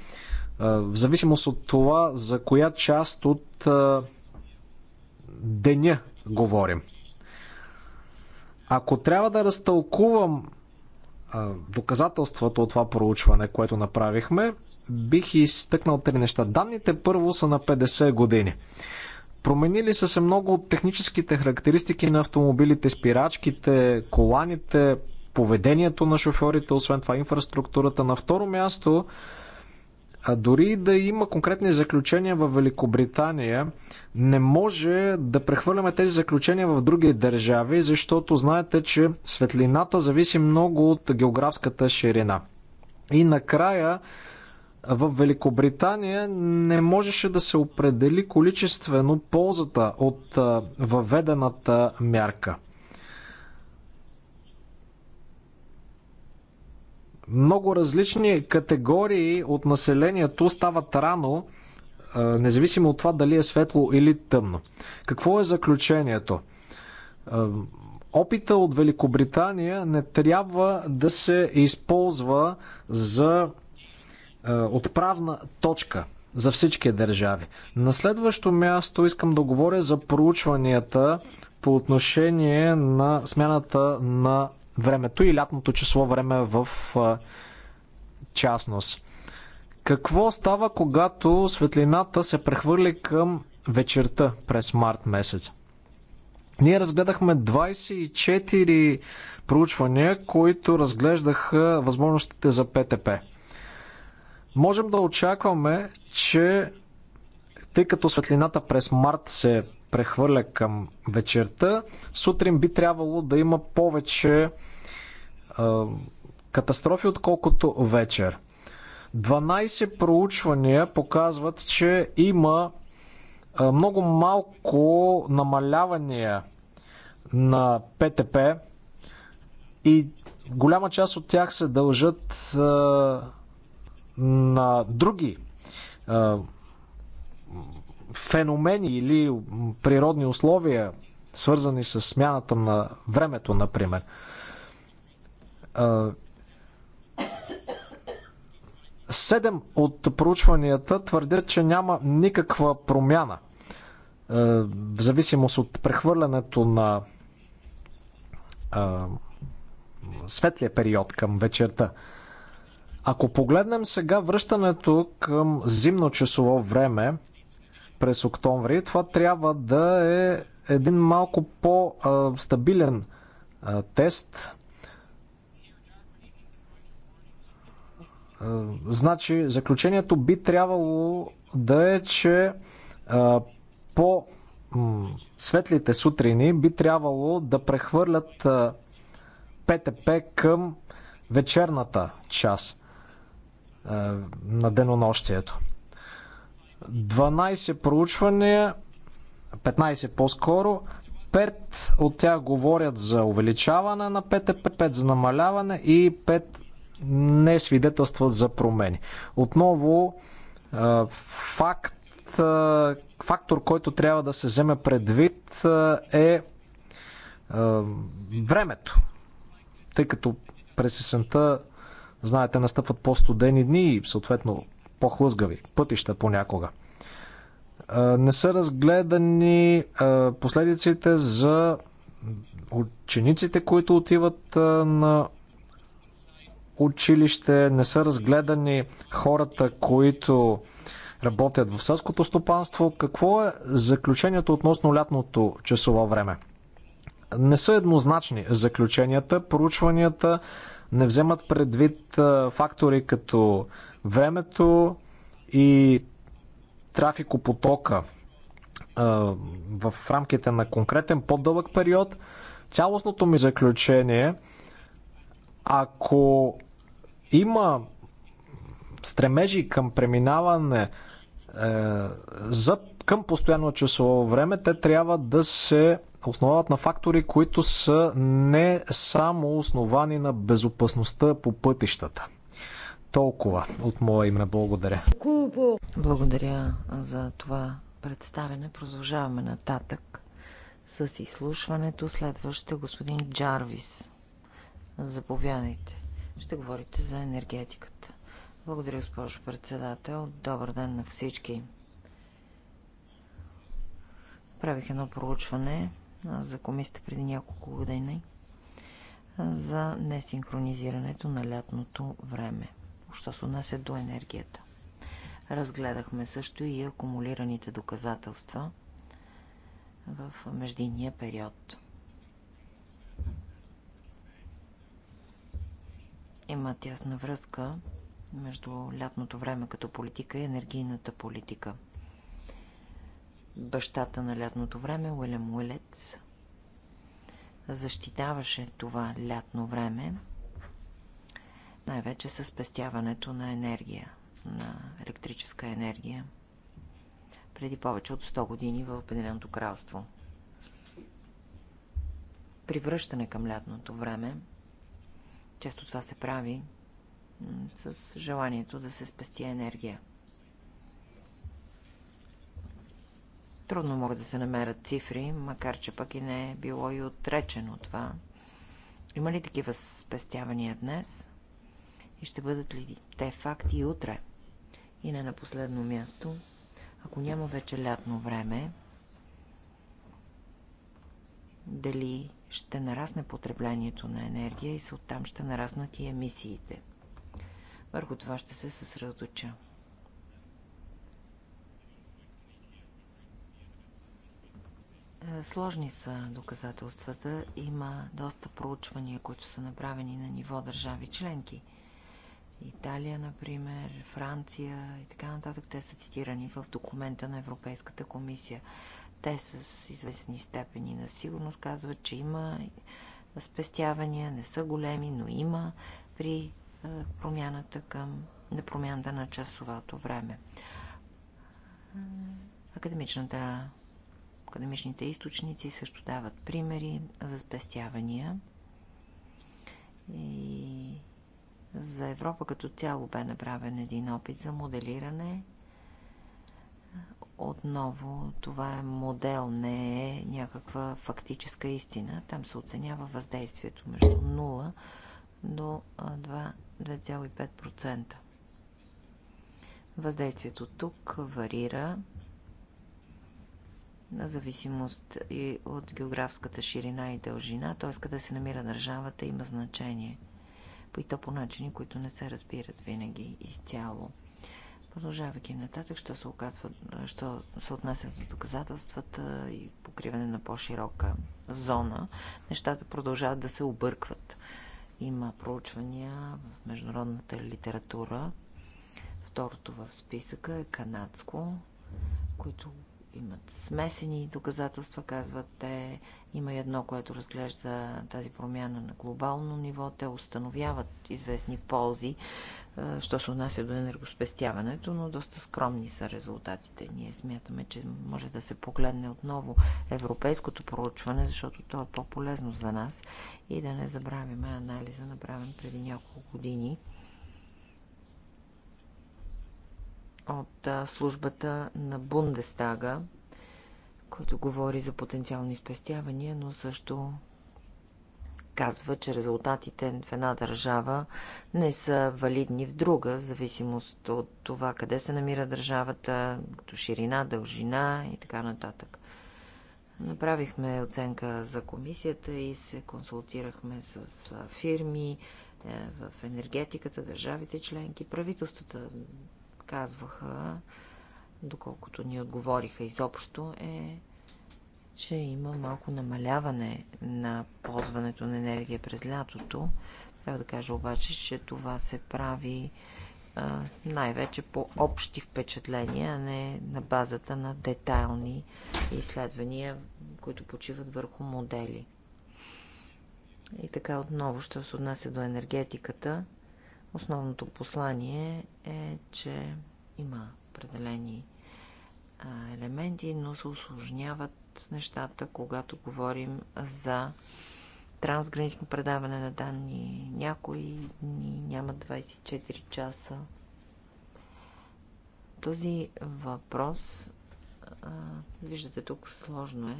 Speaker 2: е, в зависимост от това за коя част от е, деня говорим. Ако трябва да разтълкувам доказателствата от това проучване, което направихме, бих изтъкнал три неща. Данните първо са на 50 години. Променили са се много от техническите характеристики на автомобилите, спирачките, коланите, поведението на шофьорите, освен това инфраструктурата. На второ място, а дори да има конкретни заключения в Великобритания, не може да прехвърляме тези заключения в други държави, защото знаете, че светлината зависи много от географската ширина. И накрая, в Великобритания не можеше да се определи количествено ползата от въведената мярка. Много различни категории от населението стават рано, независимо от това дали е светло или тъмно. Какво е заключението? Опита от Великобритания не трябва да се използва за е, отправна точка за всички държави. На следващо място искам да говоря за проучванията по отношение на смяната на времето и лятното число време в е, частност. Какво става, когато светлината се прехвърли към вечерта през март месец? Ние разгледахме 24 проучвания, които разглеждаха възможностите за ПТП. Можем да очакваме, че тъй като светлината през март се прехвърля към вечерта, сутрин би трябвало да има повече е, катастрофи, отколкото вечер. 12 проучвания показват, че има е, много малко намалявания на ПТП и голяма част от тях се дължат. Е, на други феномени или природни условия, свързани с смяната на времето, например. Седем от проучванията твърдят, че няма никаква промяна в зависимост от прехвърлянето на светлия период към вечерта. Ако погледнем сега връщането към зимно часово време през октомври, това трябва да е един малко по-стабилен тест. Значи, заключението би трябвало да е, че по светлите сутрини би трябвало да прехвърлят ПТП към вечерната част. Е, на денонощието. 12 проучвания, 15 по-скоро, 5 от тях говорят за увеличаване на ПТП, 5 за намаляване и 5 не свидетелстват за промени. Отново е, факт, е, фактор, който трябва да се вземе предвид е времето. Тъй като през есента Знаете, настъпват по-студени дни и съответно по-хлъзгави пътища понякога. Не са разгледани последиците за учениците, които отиват на училище, не са разгледани хората, които работят в селското стопанство. Какво е заключението относно лятното часово време? Не са еднозначни заключенията, проучванията не вземат предвид фактори като времето и трафикопотока в рамките на конкретен по-дълъг период. Цялостното ми заключение, ако има стремежи към преминаване е, за към постоянно часово време, те трябва да се основават на фактори, които са не само основани на безопасността по пътищата. Толкова от мое име. Благодаря.
Speaker 3: Благодаря за това представене. Продължаваме нататък с изслушването. Следващите господин Джарвис. Заповядайте. Ще говорите за енергетиката. Благодаря, госпожо председател. Добър ден на всички. Правих едно проучване за комисията преди няколко години за несинхронизирането на лятното време, що се отнася до енергията. Разгледахме също и акумулираните доказателства в междинния период. Има тясна връзка между лятното време като политика и енергийната политика – бащата на лятното време, Уилям Уилец, защитаваше това лятно време, най-вече с спестяването на енергия, на електрическа енергия, преди повече от 100 години в Обединеното кралство. Привръщане към лятното време, често това се прави с желанието да се спести енергия – Трудно могат да се намерят цифри, макар че пък и не е било и отречено това. Има ли такива спестявания днес? И ще бъдат ли те факти и утре? И не на последно място, ако няма вече лятно време, дали ще нарасне потреблението на енергия и се оттам ще нараснат и емисиите. Върху това ще се съсредоточа. Е, сложни са доказателствата. Има доста проучвания, които са направени на ниво държави членки. Италия, например, Франция и така нататък. Те са цитирани в документа на Европейската комисия. Те с известни степени на сигурност казват, че има спестявания, не са големи, но има при е, промяната към на промяната на часовото време. Академичната Академичните източници също дават примери за спестявания. И за Европа като цяло бе направен един опит за моделиране. Отново, това е модел, не е някаква фактическа истина. Там се оценява въздействието между 0 до 2,5%. Въздействието тук варира на зависимост и от географската ширина и дължина, т.е. къде се намира държавата, има значение. И то по начини, които не се разбират винаги изцяло. Продължавайки нататък, що се, оказва, що се отнасят до доказателствата и покриване на по-широка зона, нещата продължават да се объркват. Има проучвания в международната литература. Второто в списъка е канадско, които имат смесени доказателства, казват те. Има едно, което разглежда тази промяна на глобално ниво. Те установяват известни ползи, що се отнася до енергоспестяването, но доста скромни са резултатите. Ние смятаме, че може да се погледне отново европейското проучване, защото то е по-полезно за нас и да не забравяме анализа, направен преди няколко години от службата на Бундестага, който говори за потенциални спестявания, но също казва, че резултатите в една държава не са валидни в друга, в зависимост от това къде се намира държавата, като ширина, дължина и така нататък. Направихме оценка за комисията и се консултирахме с фирми е, в енергетиката, държавите членки, правителствата, казваха, доколкото ни отговориха изобщо, е, че има малко намаляване на ползването на енергия през лятото. Трябва да кажа обаче, че това се прави най-вече по общи впечатления, а не на базата на детайлни изследвания, които почиват върху модели. И така отново, ще се отнася до енергетиката, Основното послание е, че има определени елементи, но се осложняват нещата, когато говорим за трансгранично предаване на данни. Някои дни няма 24 часа. Този въпрос, виждате тук, сложно е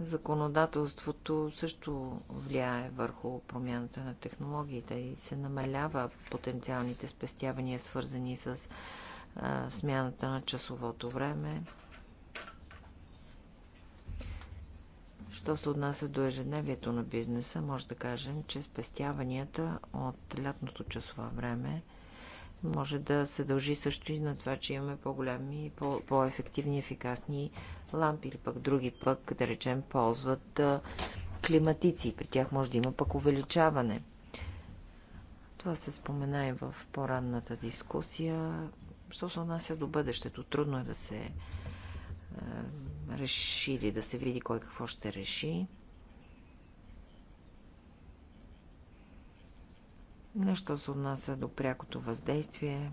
Speaker 3: законодателството също влияе върху промяната на технологиите и се намалява потенциалните спестявания, свързани с а, смяната на часовото време. Що се отнася до ежедневието на бизнеса, може да кажем, че спестяванията от лятното часова време може да се дължи също и на това, че имаме по-големи, по-ефективни, ефикасни лампи или пък други пък, да речем, ползват климатици. При тях може да има пък увеличаване. Това се спомена и в по-ранната дискусия. Що се отнася до бъдещето? Трудно е да се е, реши или да се види кой какво ще реши. Нещо се отнася до прякото въздействие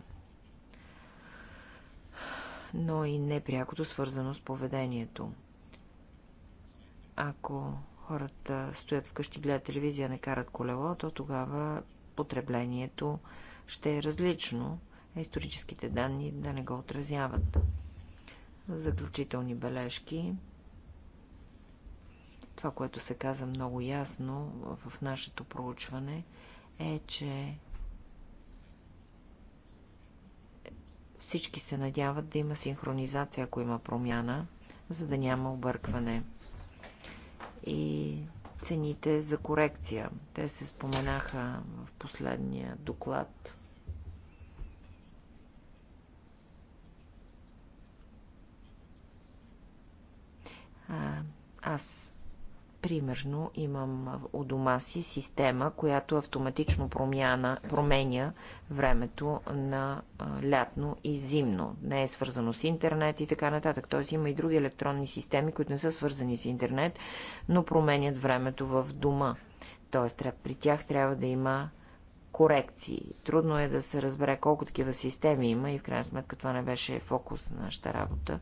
Speaker 3: но и непрякото свързано с поведението. Ако хората стоят вкъщи, гледат телевизия, не карат колело, то тогава потреблението ще е различно, а историческите данни да не го отразяват. Заключителни бележки. Това, което се каза много ясно в нашето проучване, е, че Всички се надяват да има синхронизация, ако има промяна, за да няма объркване. И цените за корекция. Те се споменаха в последния доклад. А, аз Примерно имам у дома си система, която автоматично промяна, променя времето на лятно и зимно. Не е свързано с интернет и така нататък. Тоест има и други електронни системи, които не са свързани с интернет, но променят времето в дома. Тоест при тях трябва да има корекции. Трудно е да се разбере колко такива системи има и в крайна сметка това не беше фокус на нашата работа,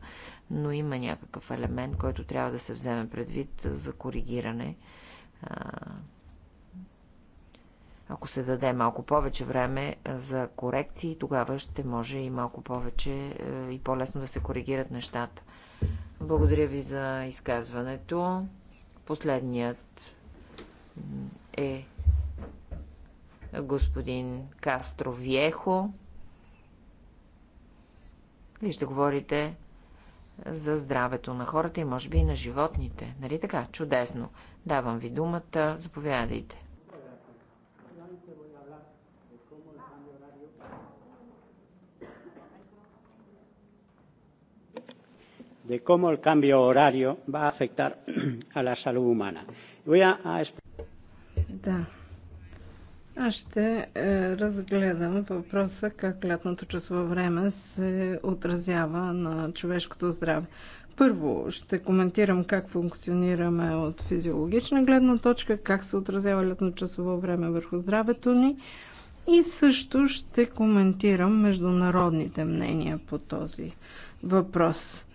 Speaker 3: но има някакъв елемент, който трябва да се вземе предвид за коригиране. Ако се даде малко повече време за корекции, тогава ще може и малко повече и по-лесно да се коригират нещата. Благодаря ви за изказването. Последният е господин Кастро Виехо. Вие ще говорите за здравето на хората и може би и на животните. Нали така? Чудесно. Давам ви думата. Заповядайте.
Speaker 1: de cómo el cambio horario va a afectar a la salud humana. Voy a... Да. Аз ще е, разгледам въпроса как лятното часово време се отразява на човешкото здраве. Първо ще коментирам как функционираме от физиологична гледна точка, как се отразява лятно часово време върху здравето ни и също ще коментирам международните мнения по този въпрос.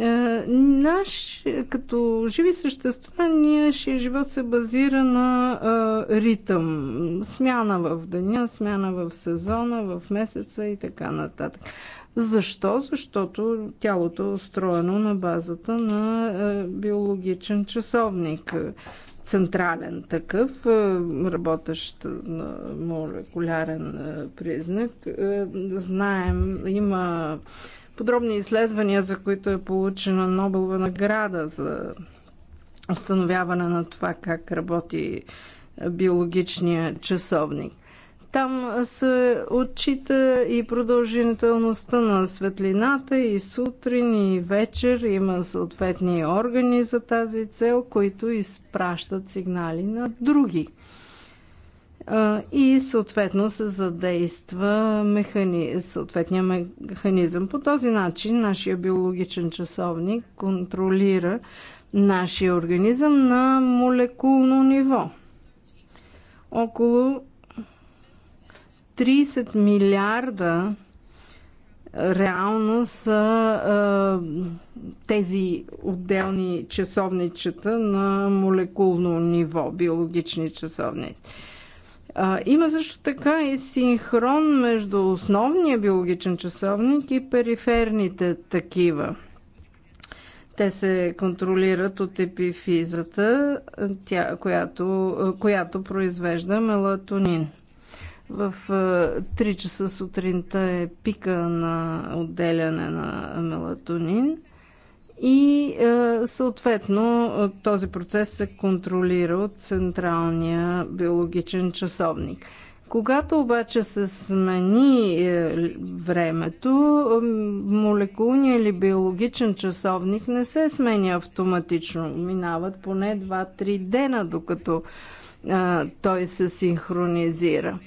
Speaker 1: Е, наш, като живи същества, нашия живот се базира на а, е, ритъм. Смяна в деня, смяна в сезона, в месеца и така нататък. Защо? Защото тялото е устроено на базата на а, е, биологичен часовник, централен такъв, работещ на молекулярен признак. знаем, има подробни изследвания, за които е получена Нобелова награда за установяване на това как работи биологичния часовник. Там се отчита и продължителността на светлината и сутрин и вечер има съответни органи за тази цел, които изпращат сигнали на други и съответно се задейства механи... съответния механизъм. По този начин нашия биологичен часовник контролира нашия организъм на молекулно ниво. Около 30 милиарда реално са а, тези отделни часовничета на молекулно ниво, биологични часовници. А, има също така и синхрон между основния биологичен часовник и периферните такива. Те се контролират от епифизата, тя, която, която произвежда мелатонин. В 3 часа сутринта е пика на отделяне на мелатонин – и е, съответно този процес се контролира от централния биологичен часовник. Когато обаче се смени е, времето, молекулният или биологичен часовник не се сменя автоматично. Минават поне 2-3 дена, докато е, той се синхронизира.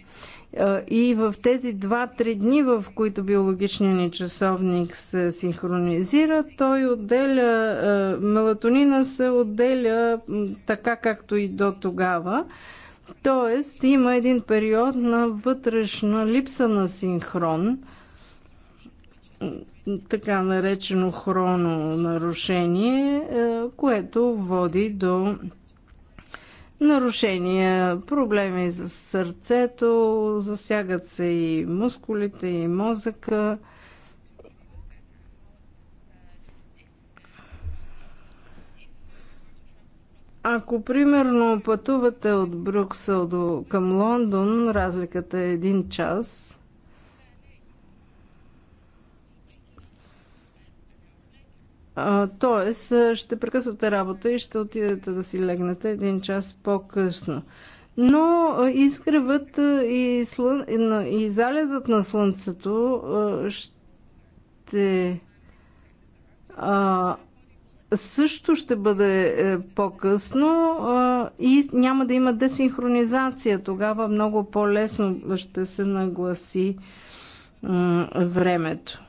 Speaker 1: И в тези 2-3 дни, в които биологичният ни часовник се синхронизира, той отделя, мелатонина се отделя така както и до тогава. Тоест има един период на вътрешна липса на синхрон, така наречено хроно нарушение, което води до нарушения, проблеми за сърцето, засягат се и мускулите, и мозъка. Ако примерно пътувате от Брюксел до, към Лондон, разликата е един час. Тоест, ще прекъсвате работа и ще отидете да си легнете един час по-късно. Но изгревът и, слън... и залезът на слънцето ще а, също ще бъде е, по-късно и няма да има десинхронизация. Тогава много по-лесно ще се нагласи времето.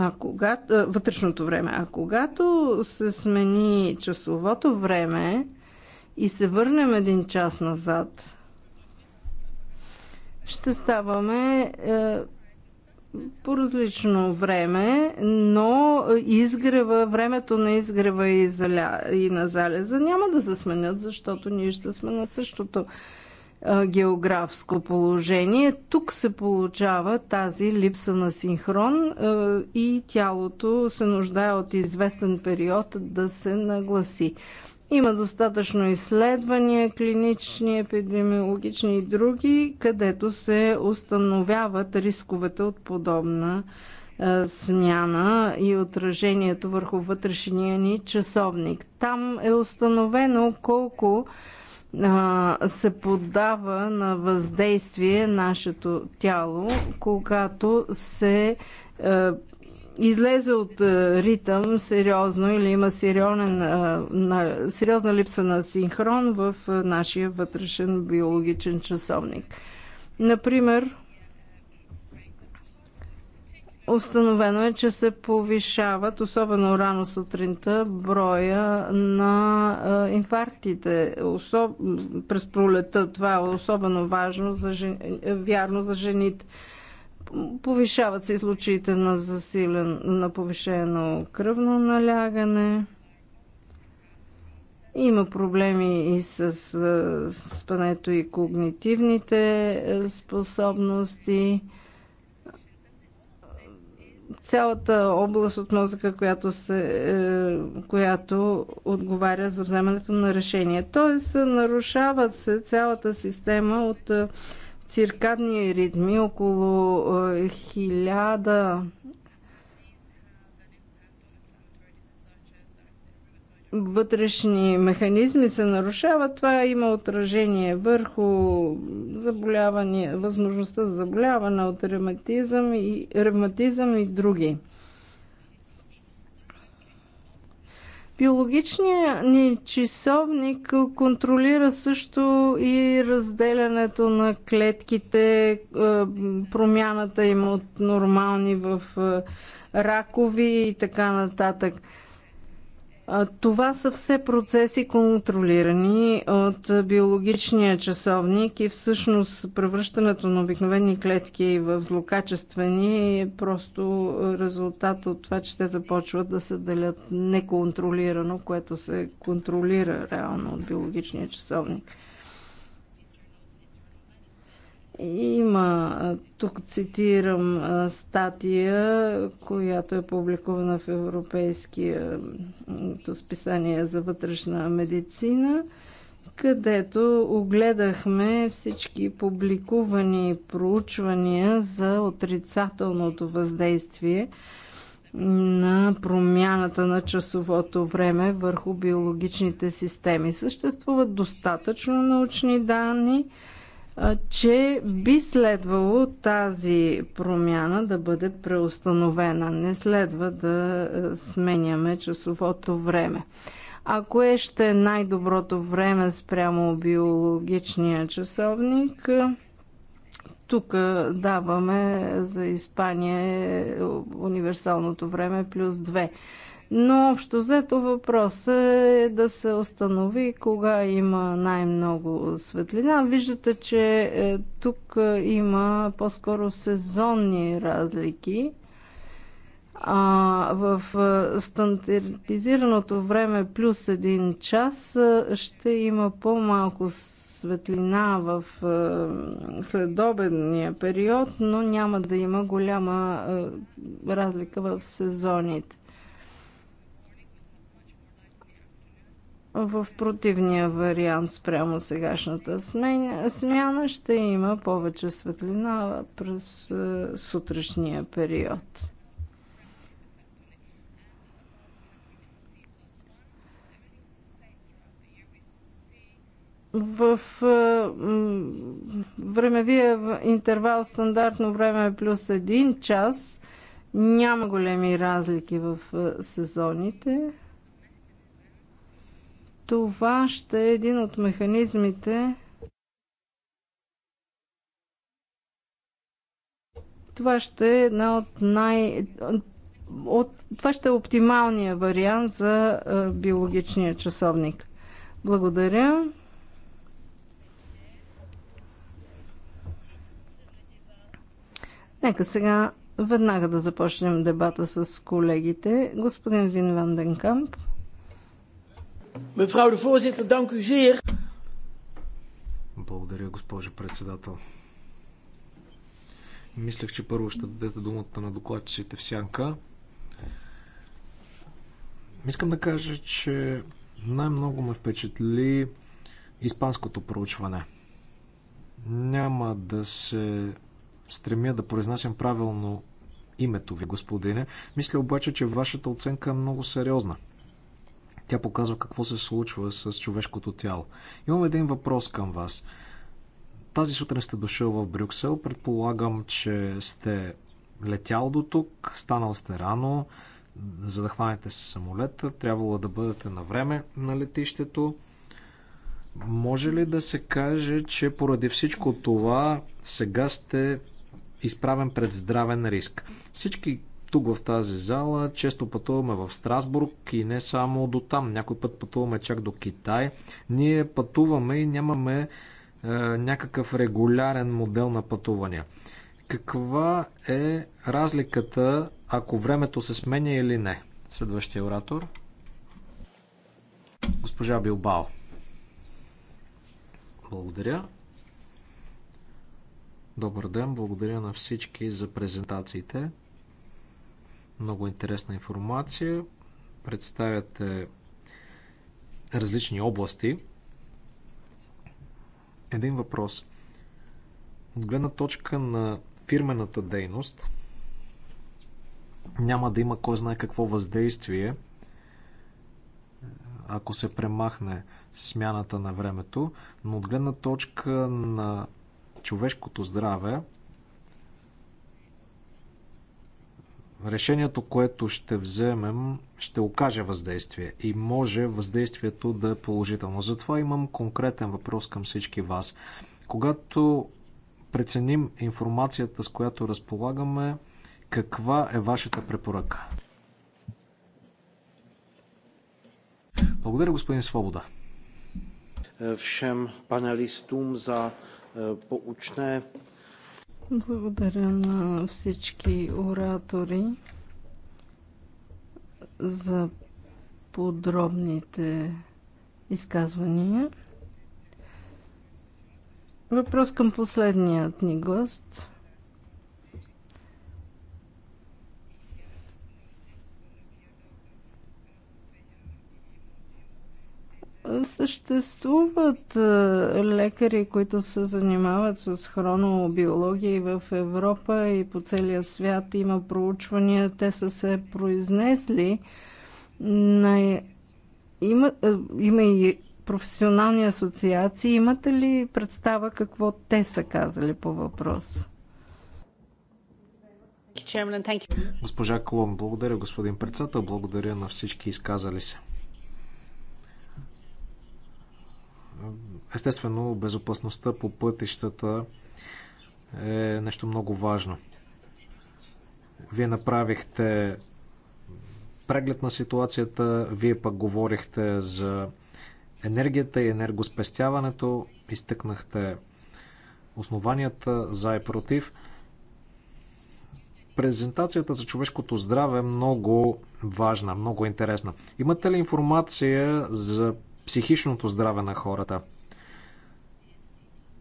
Speaker 1: А когато, вътрешното време. А когато се смени часовото време и се върнем един час назад, ще ставаме е, по различно време, но изгрева, времето на изгрева и, заля, и на залеза няма да се сменят, защото ние ще сме на същото географско положение. Тук се получава тази липса на синхрон и тялото се нуждае от известен период да се нагласи. Има достатъчно изследвания, клинични, епидемиологични и други, където се установяват рисковете от подобна смяна и отражението върху вътрешния ни часовник. Там е установено колко се поддава на въздействие нашето тяло, когато се излезе от ритъм сериозно или има сериозен, на, сериозна липса на синхрон в нашия вътрешен биологичен часовник. Например, Установено е, че се повишават, особено рано сутринта, броя на инфарктите. Особ... През пролета това е особено важно за жен... вярно за жените. Повишават се и случаите на засилен, на повишено кръвно налягане. Има проблеми и с спането и когнитивните способности цялата област от мозъка, която, се, е, която отговаря за вземането на решение. Тоест, нарушават се цялата система от е, циркадни ритми, около е, хиляда вътрешни механизми се нарушават, това има отражение върху заболяване, възможността за заболяване от ревматизъм и, ревматизъм и други. Биологичният ни часовник контролира също и разделянето на клетките, е, промяната им от нормални в е, ракови и така нататък. Това са все процеси контролирани от биологичния часовник и всъщност превръщането на обикновени клетки в злокачествени е просто резултат от това, че те започват да се делят неконтролирано, което се контролира реално от биологичния часовник. Има, тук цитирам статия, която е публикувана в Европейския списание за вътрешна медицина, където огледахме всички публикувани проучвания за отрицателното въздействие на промяната на часовото време върху биологичните системи. Съществуват достатъчно научни данни, че би следвало тази промяна да бъде преустановена. Не следва да сменяме часовото време. А кое ще е най-доброто време спрямо биологичния часовник? Тук даваме за Испания универсалното време плюс 2. Но общо взето въпрос е да се установи кога има най-много светлина. Виждате, че е, тук е, има по-скоро сезонни разлики. А в е, стандартизираното време плюс един час ще има по-малко светлина в следобедния период, но няма да има голяма разлика в сезоните. В противния вариант спрямо сегашната смяна ще има повече светлина през е, сутрешния период. в е, времевия интервал стандартно време е плюс 1 час. Няма големи разлики в е, сезоните. Това ще е един от механизмите. Това ще е една от най. От... Това ще е оптималния вариант за биологичния часовник. Благодаря. Нека сега веднага да започнем дебата с колегите. Господин Вин Ванденкамп. Камп. Mevrouw de voorzitter, dank u zeer.
Speaker 2: Благодаря, госпожо председател. Мислех, че първо ще дадете думата на докладчиците в сянка. Искам да кажа, че най-много ме впечатли испанското проучване. Няма да се стремя да произнасям правилно името ви, господине. Мисля обаче, че вашата оценка е много сериозна – тя показва какво се случва с човешкото тяло. Имам един въпрос към вас. Тази сутрин сте дошъл в Брюксел. Предполагам, че сте летял до тук, станал сте рано, за да хванете се самолета, трябвало да бъдете на време на летището. Може ли да се каже, че поради всичко това сега сте изправен пред здравен риск? Всички тук в тази зала. Често пътуваме в Страсбург и не само до там. Някой път пътуваме чак до Китай. Ние пътуваме и нямаме е, някакъв регулярен модел на пътувания. Каква е разликата, ако времето се сменя или не? Следващия оратор. Госпожа Билбао. Благодаря. Добър ден, благодаря на всички за презентациите. Много интересна информация. Представяте различни области. Един въпрос. От гледна точка на фирмената дейност, няма да има кой знае какво въздействие, е, ако се премахне смяната на времето, но от гледна точка на човешкото здраве, решението, което ще вземем, ще окаже въздействие и може въздействието да е положително. Затова имам конкретен въпрос към всички вас. Когато преценим информацията, с която разполагаме, каква е вашата препоръка? Благодаря, господин Свобода. Е, всем панелистум за е, поучне
Speaker 1: благодаря на всички оратори за подробните изказвания. Въпрос към последният ни гост. съществуват е, лекари, които се занимават с хронобиология и в Европа и по целия свят има проучвания. Те са се произнесли на... Има, е, има и професионални асоциации. Имате ли представа какво те са казали по въпрос?
Speaker 2: Госпожа Клон, благодаря господин председател, благодаря на всички изказали се. Естествено, безопасността по пътищата е нещо много важно. Вие направихте преглед на ситуацията, вие пък говорихте за енергията и енергоспестяването, изтъкнахте основанията за и против. Презентацията за човешкото здраве е много важна, много интересна. Имате ли информация за психичното здраве на хората?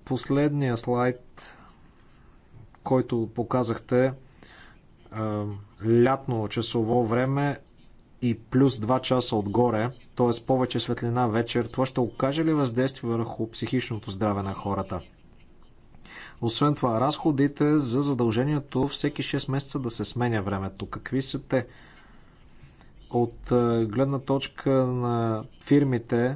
Speaker 2: Последния слайд, който показахте, лятно часово време и плюс 2 часа отгоре, т.е. повече светлина вечер, това ще окаже ли въздействие върху психичното здраве на хората? Освен това, разходите за задължението всеки 6 месеца да се сменя времето. Какви са те? От гледна точка на фирмите,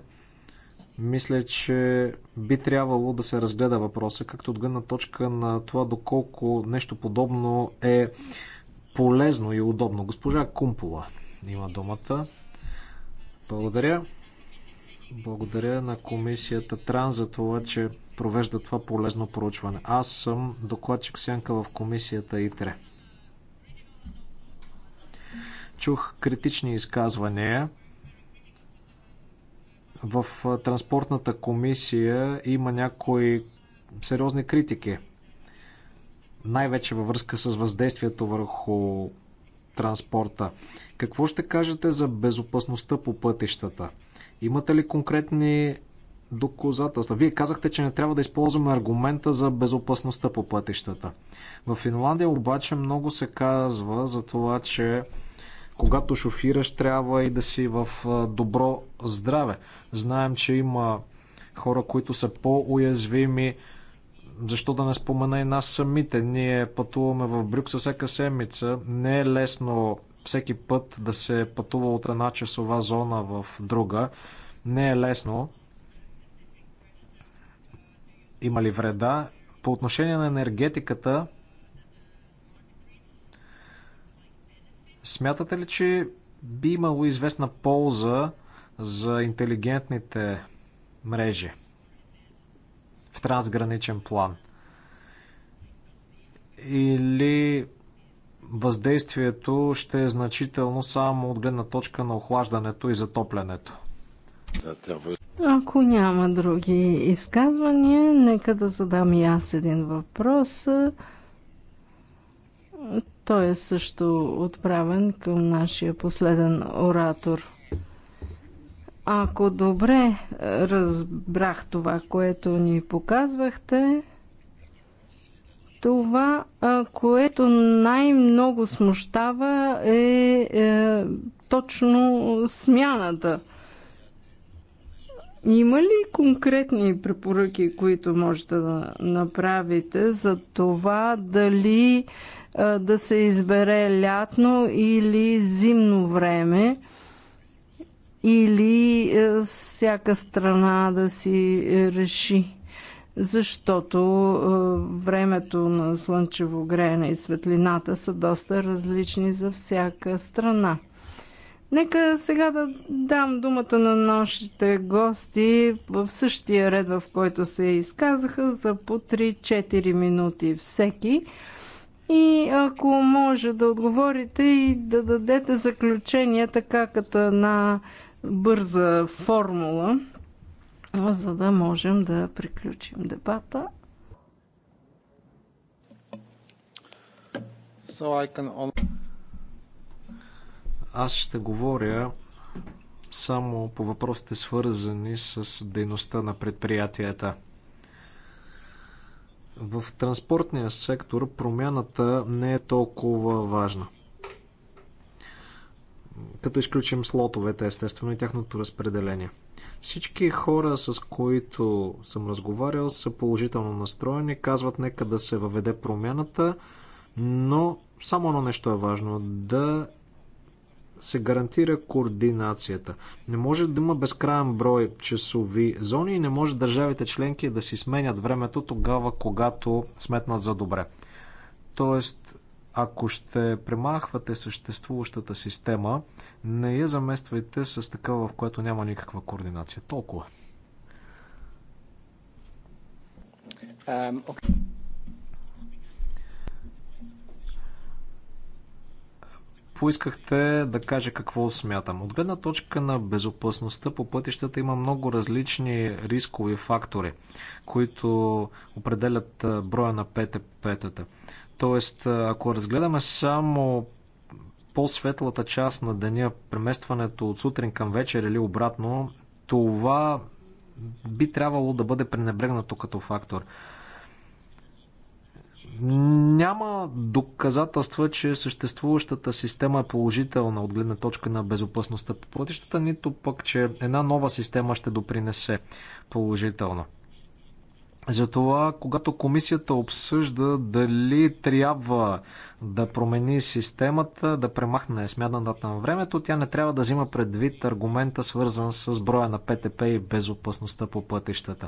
Speaker 2: мисля, че би трябвало да се разгледа въпроса, както от гледна точка на това доколко нещо подобно е полезно и удобно. Госпожа Кумпова има думата. Благодаря. Благодаря на комисията Тран за това, че провежда това полезно проучване. Аз съм докладчик Сянка в комисията ИТРЕ. Чух критични изказвания в транспортната комисия има някои сериозни критики, най-вече във връзка с въздействието върху транспорта. Какво ще кажете за безопасността по пътищата? Имате ли конкретни доказателства? Вие казахте, че не трябва да използваме аргумента за безопасността по пътищата. В Финландия обаче много се казва за това, че когато шофираш, трябва и да си в добро здраве. Знаем, че има хора, които са по-уязвими. Защо да не спомена и нас самите? Ние пътуваме в Брюксел всяка седмица. Не е лесно всеки път да се пътува от една часова зона в друга. Не е лесно. Има ли вреда? По отношение на енергетиката, Смятате ли, че би имало известна полза за интелигентните мрежи в трансграничен план? Или въздействието ще е значително само от гледна точка на охлаждането и затоплянето?
Speaker 1: Ако няма други изказвания, нека да задам и аз един въпрос. Той е също отправен към нашия последен оратор. Ако добре е, разбрах това, което ни показвахте, това, е, което най-много смущава е, е точно смяната. Има ли конкретни препоръки, които можете да направите за това дали да се избере лятно или зимно време или всяка страна да си реши. Защото времето на слънчево греене и светлината са доста различни за всяка страна. Нека сега да дам думата на нашите гости в същия ред, в който се изказаха, за по 3-4 минути всеки. И ако може да отговорите и да дадете заключение така като една бърза формула, за да можем да приключим дебата.
Speaker 2: So can... Аз ще говоря само по въпросите свързани с дейността на предприятията. В транспортния сектор промяната не е толкова важна. Като изключим слотовете, естествено, и тяхното разпределение. Всички хора, с които съм разговарял, са положително настроени, казват нека да се въведе промяната, но само едно нещо е важно да се гарантира координацията. Не може да има безкраен брой часови зони и не може държавите членки да си сменят времето тогава, когато сметнат за добре. Тоест, ако ще премахвате съществуващата система, не я замествайте с такава, в която няма никаква координация. Толкова. Um, okay. поискахте да кажа какво смятам. От гледна точка на безопасността по пътищата има много различни рискови фактори, които определят броя на ПТП-тата. Тоест, ако разгледаме само по-светлата част на деня, преместването от сутрин към вечер или обратно, това би трябвало да бъде пренебрегнато като фактор. Няма доказателства, че съществуващата система е положителна от гледна точка на безопасността по пътищата, нито пък, че една нова система ще допринесе положително. Затова, когато комисията обсъжда дали трябва да промени системата, да премахне смятна дата на времето, тя не трябва да взима предвид аргумента, свързан с броя на ПТП и безопасността по пътищата.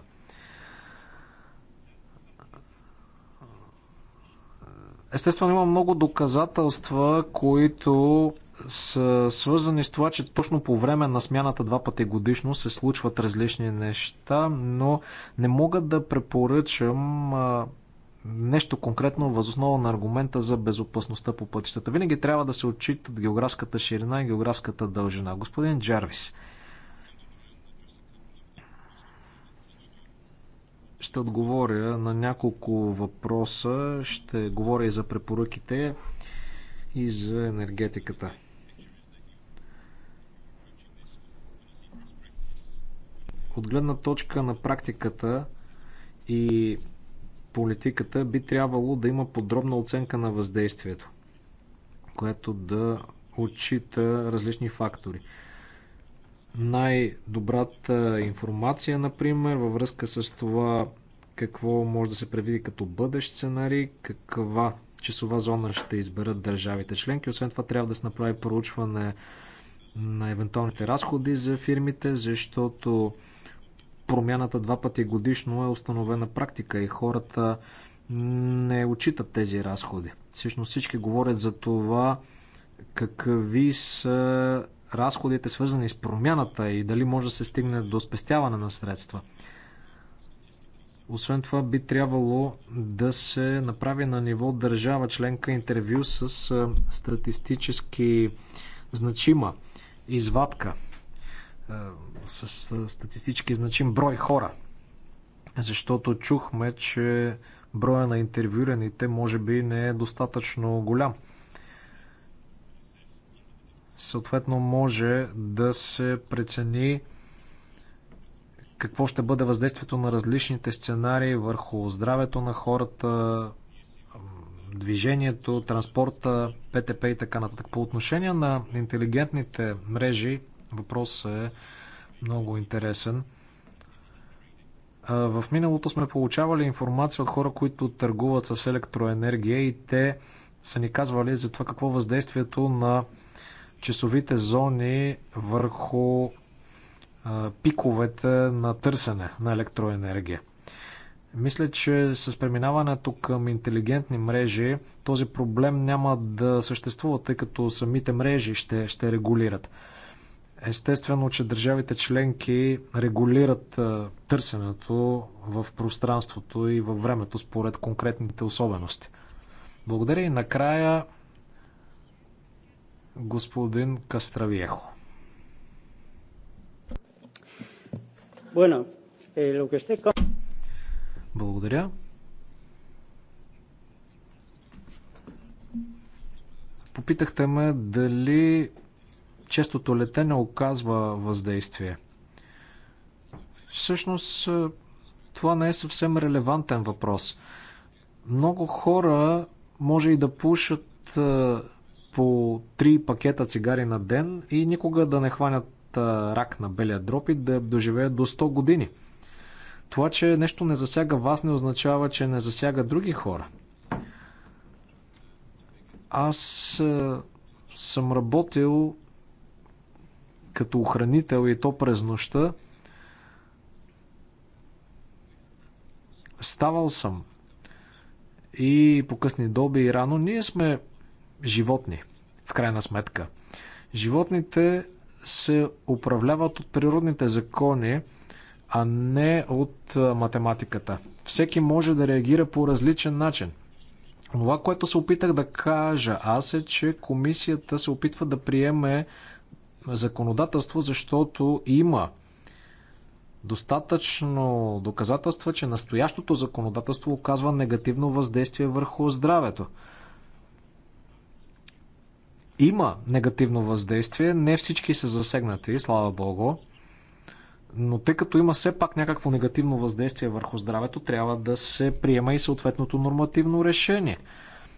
Speaker 2: Естествено има много доказателства, които са свързани с това, че точно по време на смяната два пъти годишно се случват различни неща, но не мога да препоръчам нещо конкретно възоснова на аргумента за безопасността по пътищата. Винаги трябва да се отчитат географската ширина и географската дължина. Господин Джарвис Ще отговоря на няколко въпроса. Ще говоря и за препоръките и за енергетиката. От гледна точка на практиката и политиката би трябвало да има подробна оценка на въздействието, което да отчита различни фактори най-добрата информация, например, във връзка с това какво може да се предвиди като бъдещ сценарий, каква часова зона ще изберат държавите членки. Освен това трябва да се направи проучване на евентуалните разходи за фирмите, защото промяната два пъти годишно е установена практика и хората не отчитат тези разходи. Всъщност всички говорят за това какви са разходите, свързани с промяната и дали може да се стигне до спестяване на средства. Освен това, би трябвало да се направи на ниво държава членка интервю с статистически значима извадка, с статистически значим брой хора. Защото чухме, че броя на интервюираните може би не е достатъчно голям съответно може да се прецени какво ще бъде въздействието на различните сценарии върху здравето на хората, движението, транспорта, ПТП и така нататък. По отношение на интелигентните мрежи, въпросът е много интересен. В миналото сме получавали информация от хора, които търгуват с електроенергия и те са ни казвали за това какво въздействието на часовите зони върху пиковете на търсене на електроенергия. Мисля, че с преминаването към интелигентни мрежи този проблем няма да съществува, тъй като самите мрежи ще, ще регулират. Естествено, че държавите членки регулират търсенето в пространството и във времето според конкретните особености. Благодаря и накрая господин Кастравиехо. Eh, Благодаря. Попитахте ме дали честото летене оказва въздействие. Всъщност, е, това не е съвсем релевантен въпрос. Много хора може и да пушат е, по 3 пакета цигари на ден и никога да не хванят рак на белия дроп и да доживеят до 100 години. Това, че нещо не засяга вас, не означава, че не засяга други хора. Аз съм работил като охранител и то през нощта. Ставал съм и по късни доби и рано. Ние сме животни, в крайна сметка. Животните се управляват от природните закони, а не от математиката. Всеки може да реагира по различен начин. Това, което се опитах да кажа аз е, че комисията се опитва да приеме законодателство, защото има достатъчно доказателства, че настоящото законодателство оказва негативно въздействие върху здравето има негативно въздействие. Не всички са засегнати, слава Богу. Но тъй като има все пак някакво негативно въздействие върху здравето, трябва да се приема и съответното нормативно решение.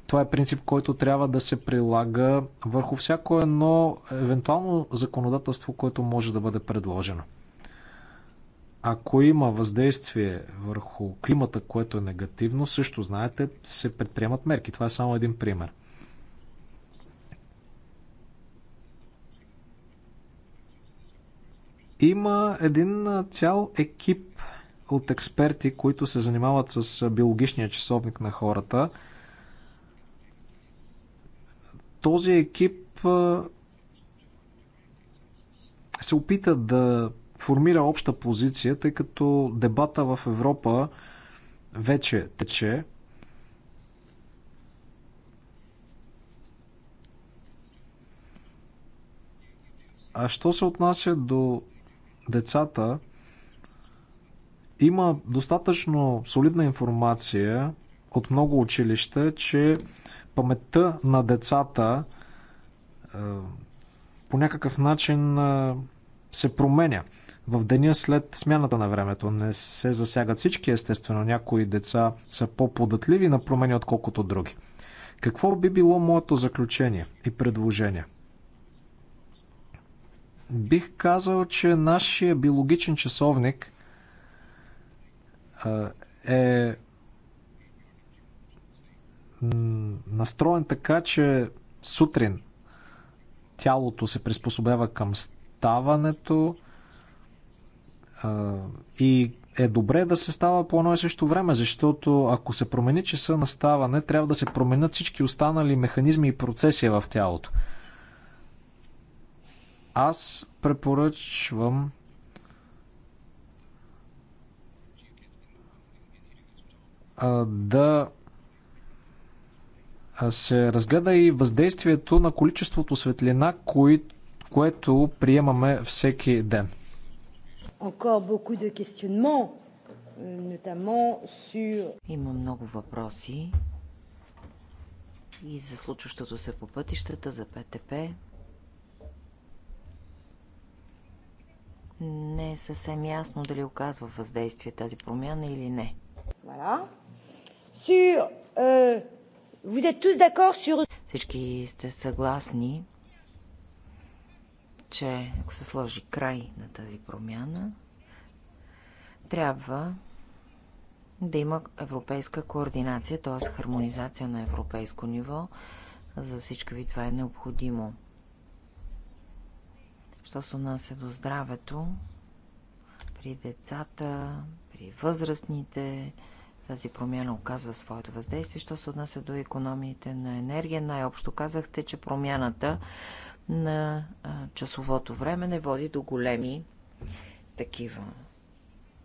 Speaker 2: Това е принцип, който трябва да се прилага върху всяко едно евентуално законодателство, което може да бъде предложено. Ако има въздействие върху климата, което е негативно, също знаете, се предприемат мерки. Това е само един пример. Има един цял екип от експерти, които се занимават с биологичния часовник на хората. Този екип се опита да формира обща позиция, тъй като дебата в Европа вече тече. А що се отнася до децата, има достатъчно солидна информация от много училища, че паметта на децата е, по някакъв начин е, се променя. В деня след смяната на времето не се засягат всички, естествено. Някои деца са по-податливи на промени, отколкото други. Какво би било моето заключение и предложение? Бих казал, че нашия биологичен часовник е настроен така, че сутрин тялото се приспособява към ставането и е добре да се става по едно и също време, защото ако се промени часа на ставане, трябва да се променят всички останали механизми и процеси в тялото. Аз препоръчвам да се разгледа и въздействието на количеството светлина, кои, което приемаме всеки ден.
Speaker 3: Има много въпроси и за случващото се по пътищата, за ПТП. не е съвсем ясно дали оказва въздействие тази промяна или не. Voilà. Sur, euh, vous êtes tous sur... Всички сте съгласни, че ако се сложи край на тази промяна, трябва да има европейска координация, т.е. хармонизация на европейско ниво. За всички ви това е необходимо що се отнася до здравето при децата, при възрастните. Тази промяна оказва своето въздействие. Що се отнася до економиите на енергия, най-общо казахте, че промяната на часовото време не води до големи такива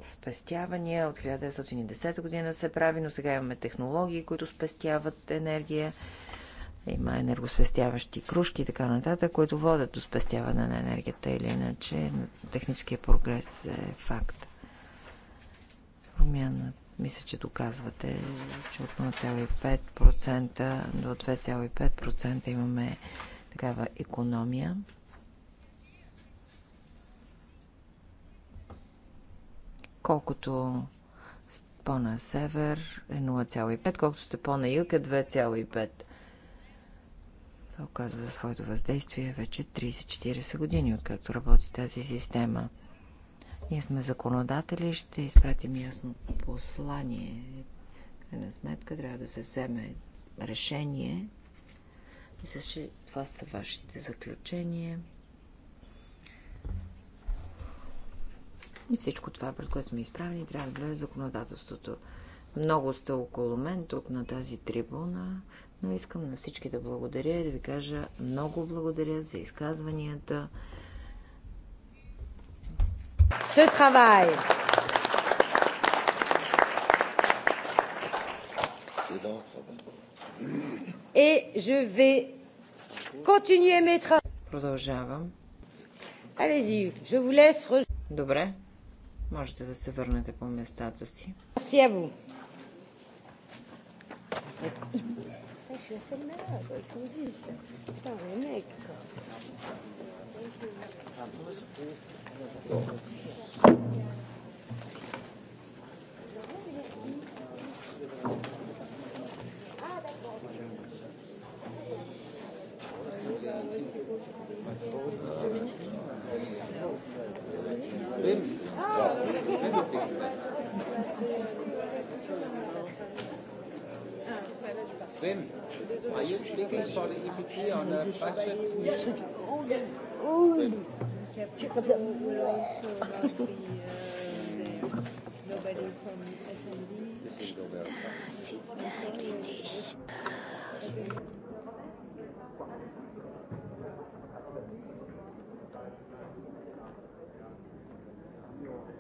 Speaker 3: спестявания. От 1910 година се прави, но сега имаме технологии, които спестяват енергия. Има енергоспестяващи кружки и така нататък, които водят до спестяване на енергията или иначе. Техническия прогрес е факт. Промяна. Мисля, че доказвате, че от 0,5% до 2,5% имаме такава економия. Колкото по-на север е 0,5, колкото сте по-на юг е 2,5. Това оказва своето въздействие вече 30-40 години, откакто работи тази система. Ние сме законодатели, ще изпратим ясно послание. Крайна сметка трябва да се вземе решение. Мисля, че това са вашите заключения. И всичко това, пред което сме изправени, трябва да влезе законодателството. Много сте около мен, тук на тази трибуна но искам на всички да благодаря и да ви кажа много благодаря за изказванията. Се travail. Et je vais continuer mes travaux. Продължавам. Allez-y, je vous laisse. Добре. Можете да се върнете по местата си. Merci à vous.
Speaker 1: 学生那个从日子到我那个。
Speaker 2: Lebensding. Ah. Lebensding.
Speaker 1: Wim, are you speaking for the EPP on the budget?
Speaker 2: Wim. Check up the nobody from This is Thank
Speaker 1: you.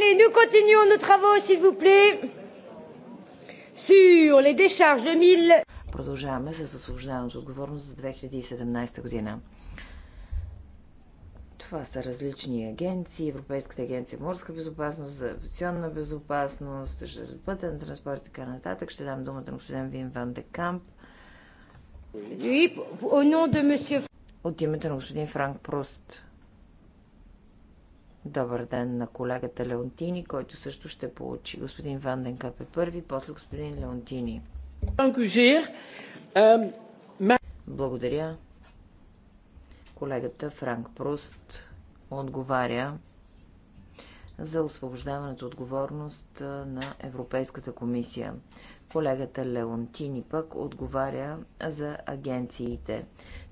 Speaker 3: Allez, nous continuons nos travaux, s'il vous plaît. Sur les décharges mille. Продължаваме с освобождаването отговорност за 2017 година. Това са различни агенции. Европейската агенция морска безопасност, за авиационна безопасност, пътен транспорт и така нататък. Ще дам думата на господин Вин Ван де Камп. От името на господин Франк Прост. Добър ден на колегата Леонтини, който също ще получи господин Ванденкап е първи, после господин Леонтини. Благодаря. Колегата Франк Пруст отговаря за освобождаването отговорност на Европейската комисия. Колегата Леонтини пък отговаря за агенциите.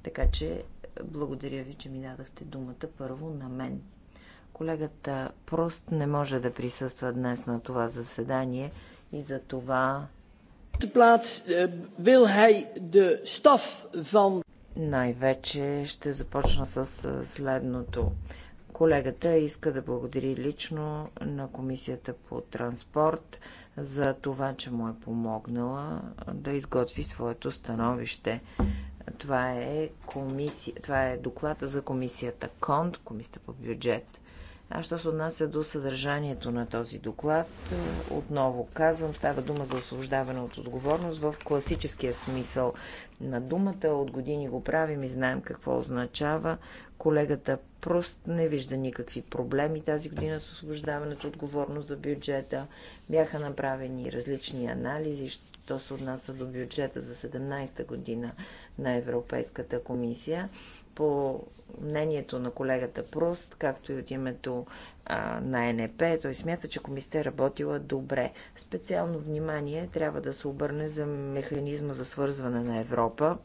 Speaker 3: Така че благодаря ви, че ми дадахте думата първо на мен. Колегата Прост не може да присъства днес на това заседание и за това eh, най-вече ще започна с е, следното. Колегата иска да благодари лично на Комисията по транспорт за това, че му е помогнала да изготви своето становище. Това е, комисия, това е доклад за комисията КОНД, комисията по бюджет. А що се отнася до съдържанието на този доклад, е, отново казвам, става дума за освобождаване от отговорност в класическия смисъл на думата. От години го правим и знаем какво означава. Колегата Прост не вижда никакви проблеми тази година с освобождаването от отговорност за бюджета. Бяха направени различни анализи, що се отнася до бюджета за 17-та година на Европейската комисия по мнението на колегата Прост, както и от името а, на НП. Той смята, че комисията е работила добре. Специално внимание трябва да се обърне за механизма за свързване на Европа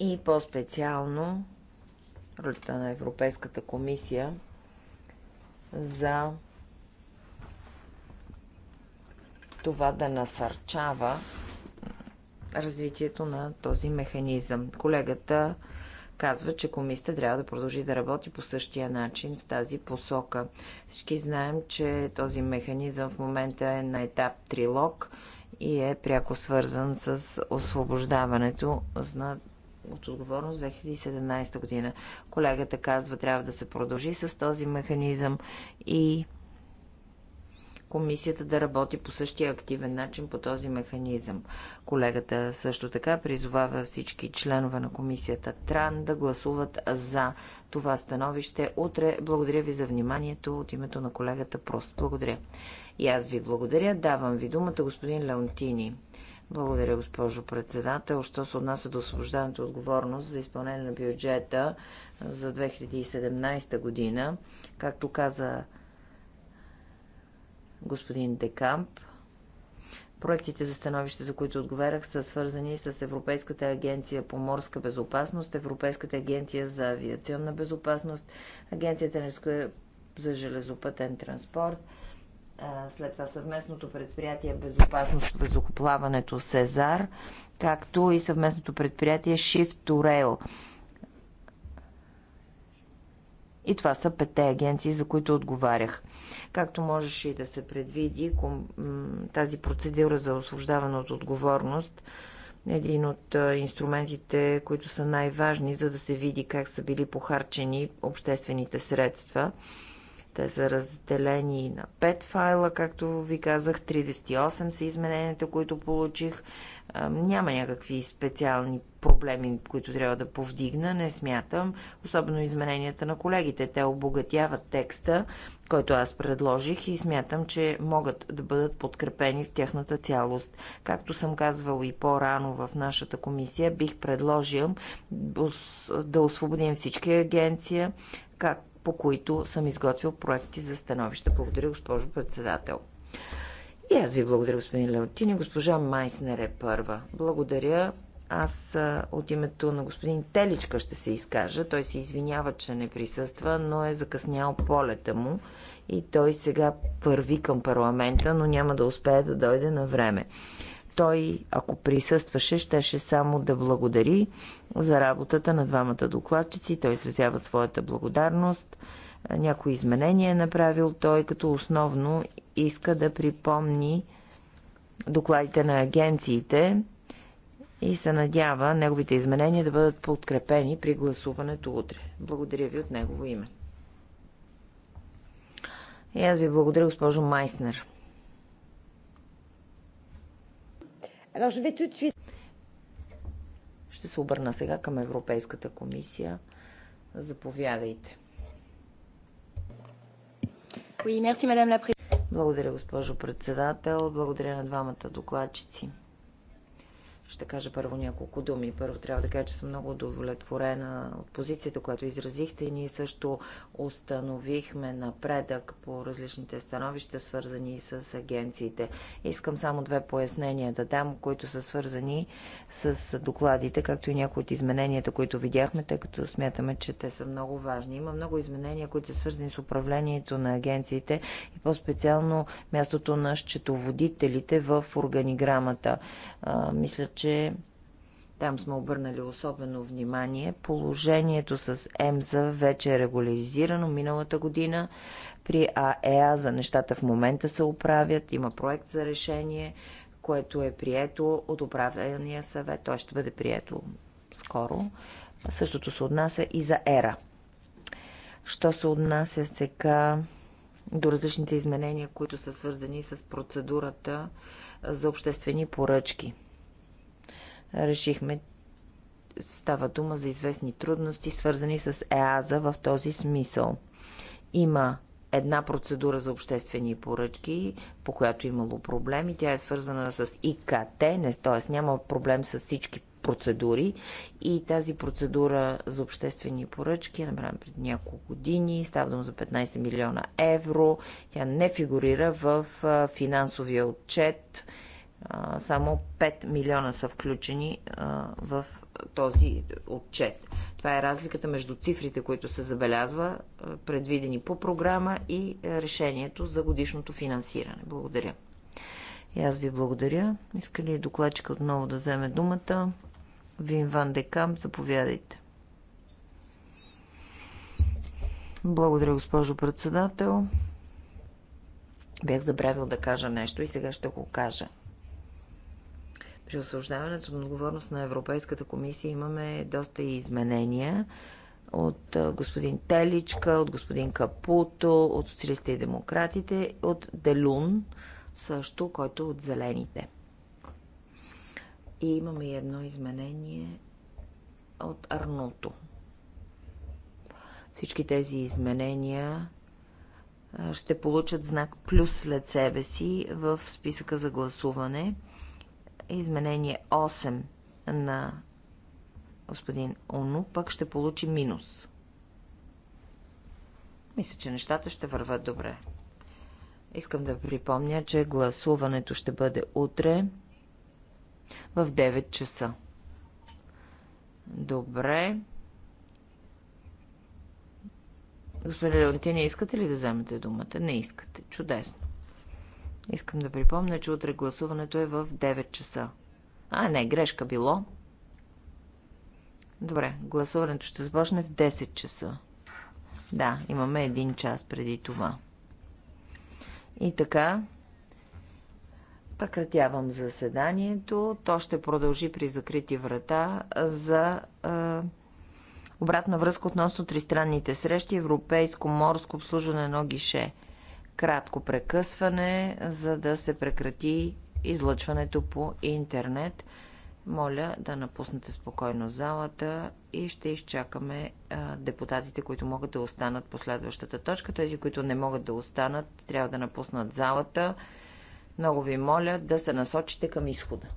Speaker 3: и по-специално ролята на Европейската комисия за това да насърчава развитието на този механизъм. Колегата казва, че комисията трябва да продължи да работи по същия начин в тази посока. Всички знаем, че този механизъм в момента е на етап трилог и е пряко свързан с освобождаването на от отговорност 2017 година. Колегата казва, трябва да се продължи с този механизъм и комисията да работи по същия активен начин по този механизъм. Колегата също така призовава всички членове на комисията Тран да гласуват за това становище утре. Благодаря ви за вниманието от името на колегата Прост. Благодаря. И аз ви благодаря. Давам ви думата, господин Леонтини. Благодаря, госпожо председател. Що се отнася до освобождането отговорност за изпълнение на бюджета за 2017 година, както каза господин Декамп. Проектите за становище, за които отговарях, са свързани с Европейската агенция по морска безопасност, Европейската агенция за авиационна безопасност, Агенцията за железопътен транспорт, след това съвместното предприятие Безопасност въздухоплаването Сезар, както и съвместното предприятие Shift to Rail и това са петте агенции, за които отговарях. Както можеше и да се предвиди, тази процедура за освобождаване от отговорност е един от инструментите, които са най-важни, за да се види как са били похарчени обществените средства те са разделени на 5 файла, както ви казах, 38 са измененията, които получих. Няма някакви специални проблеми, които трябва да повдигна, не смятам. Особено измененията на колегите. Те обогатяват текста, който аз предложих и смятам, че могат да бъдат подкрепени в тяхната цялост. Както съм казвал и по-рано в нашата комисия, бих предложил да освободим всички агенция, как по които съм изготвил проекти за становища. Благодаря, госпожо председател. И аз ви благодаря, господин Леонтини. Госпожа Майснер е първа. Благодаря. Аз от името на господин Теличка ще се изкажа. Той се извинява, че не присъства, но е закъснял полета му и той сега върви към парламента, но няма да успее да дойде на време. Той, ако присъстваше, щеше само да благодари за работата на двамата докладчици. Той изразява своята благодарност. Някои изменения е направил той, като основно иска да припомни докладите на агенциите и се надява неговите изменения да бъдат подкрепени при гласуването утре. Благодаря ви от негово име. И аз ви благодаря, госпожо Майснер. Ще се обърна сега към Европейската комисия. Заповядайте. Благодаря, госпожо председател. Благодаря на двамата докладчици. Ще кажа първо няколко думи. Първо трябва да кажа, че съм много удовлетворена от позицията, която изразихте и ние също установихме напредък по различните становища, свързани с агенциите. Искам само две пояснения да дам, които са свързани с докладите, както и някои от измененията, които видяхме, тъй като смятаме, че те са много важни. Има много изменения, които са свързани с управлението на агенциите и по-специално мястото на счетоводителите в органиграмата. мисля, че там сме обърнали особено внимание. Положението с ЕМЗА вече е регулизирано миналата година. При АЕА за нещата в момента се оправят. Има проект за решение, което е прието от управения съвет. Той ще бъде прието скоро. Същото се отнася и за ЕРА. Що се отнася сега до различните изменения, които са свързани с процедурата за обществени поръчки – решихме става дума за известни трудности, свързани с ЕАЗа в този смисъл. Има една процедура за обществени поръчки, по която е имало проблеми. Тя е свързана с ИКТ, т.е. няма проблем с всички процедури. И тази процедура за обществени поръчки е пред няколко години. Става дума за 15 милиона евро. Тя не фигурира в финансовия отчет само 5 милиона са включени в този отчет. Това е разликата между цифрите, които се забелязва, предвидени по програма и решението за годишното финансиране. Благодаря. И аз ви благодаря. Иска ли докладчика отново да вземе думата? Вин Ван Декам, заповядайте. Благодаря, госпожо председател. Бях забравил да кажа нещо и сега ще го кажа. При освобождаването на отговорност на Европейската комисия имаме доста и изменения от господин Теличка, от господин Капуто, от социалистите и демократите, от Делун също, който е от зелените. И имаме и едно изменение от Арното. Всички тези изменения ще получат знак плюс след себе си в списъка за гласуване – изменение 8 на господин Оно, пък ще получи минус. Мисля, че нещата ще върват добре. Искам да припомня, че гласуването ще бъде утре в 9 часа. Добре. Господин Леонтини, искате ли да вземете думата? Не искате. Чудесно. Искам да припомня, че утре гласуването е в 9 часа. А, не, грешка било. Добре, гласуването ще започне в 10 часа. Да, имаме един час преди това. И така, прекратявам заседанието. То ще продължи при закрити врата за е, обратна връзка относно тристранните срещи Европейско морско обслужване на гише кратко прекъсване, за да се прекрати излъчването по интернет. Моля да напуснете спокойно залата и ще изчакаме депутатите, които могат да останат по следващата точка. Тези, които не могат да останат, трябва да напуснат залата. Много ви моля да се насочите към изхода.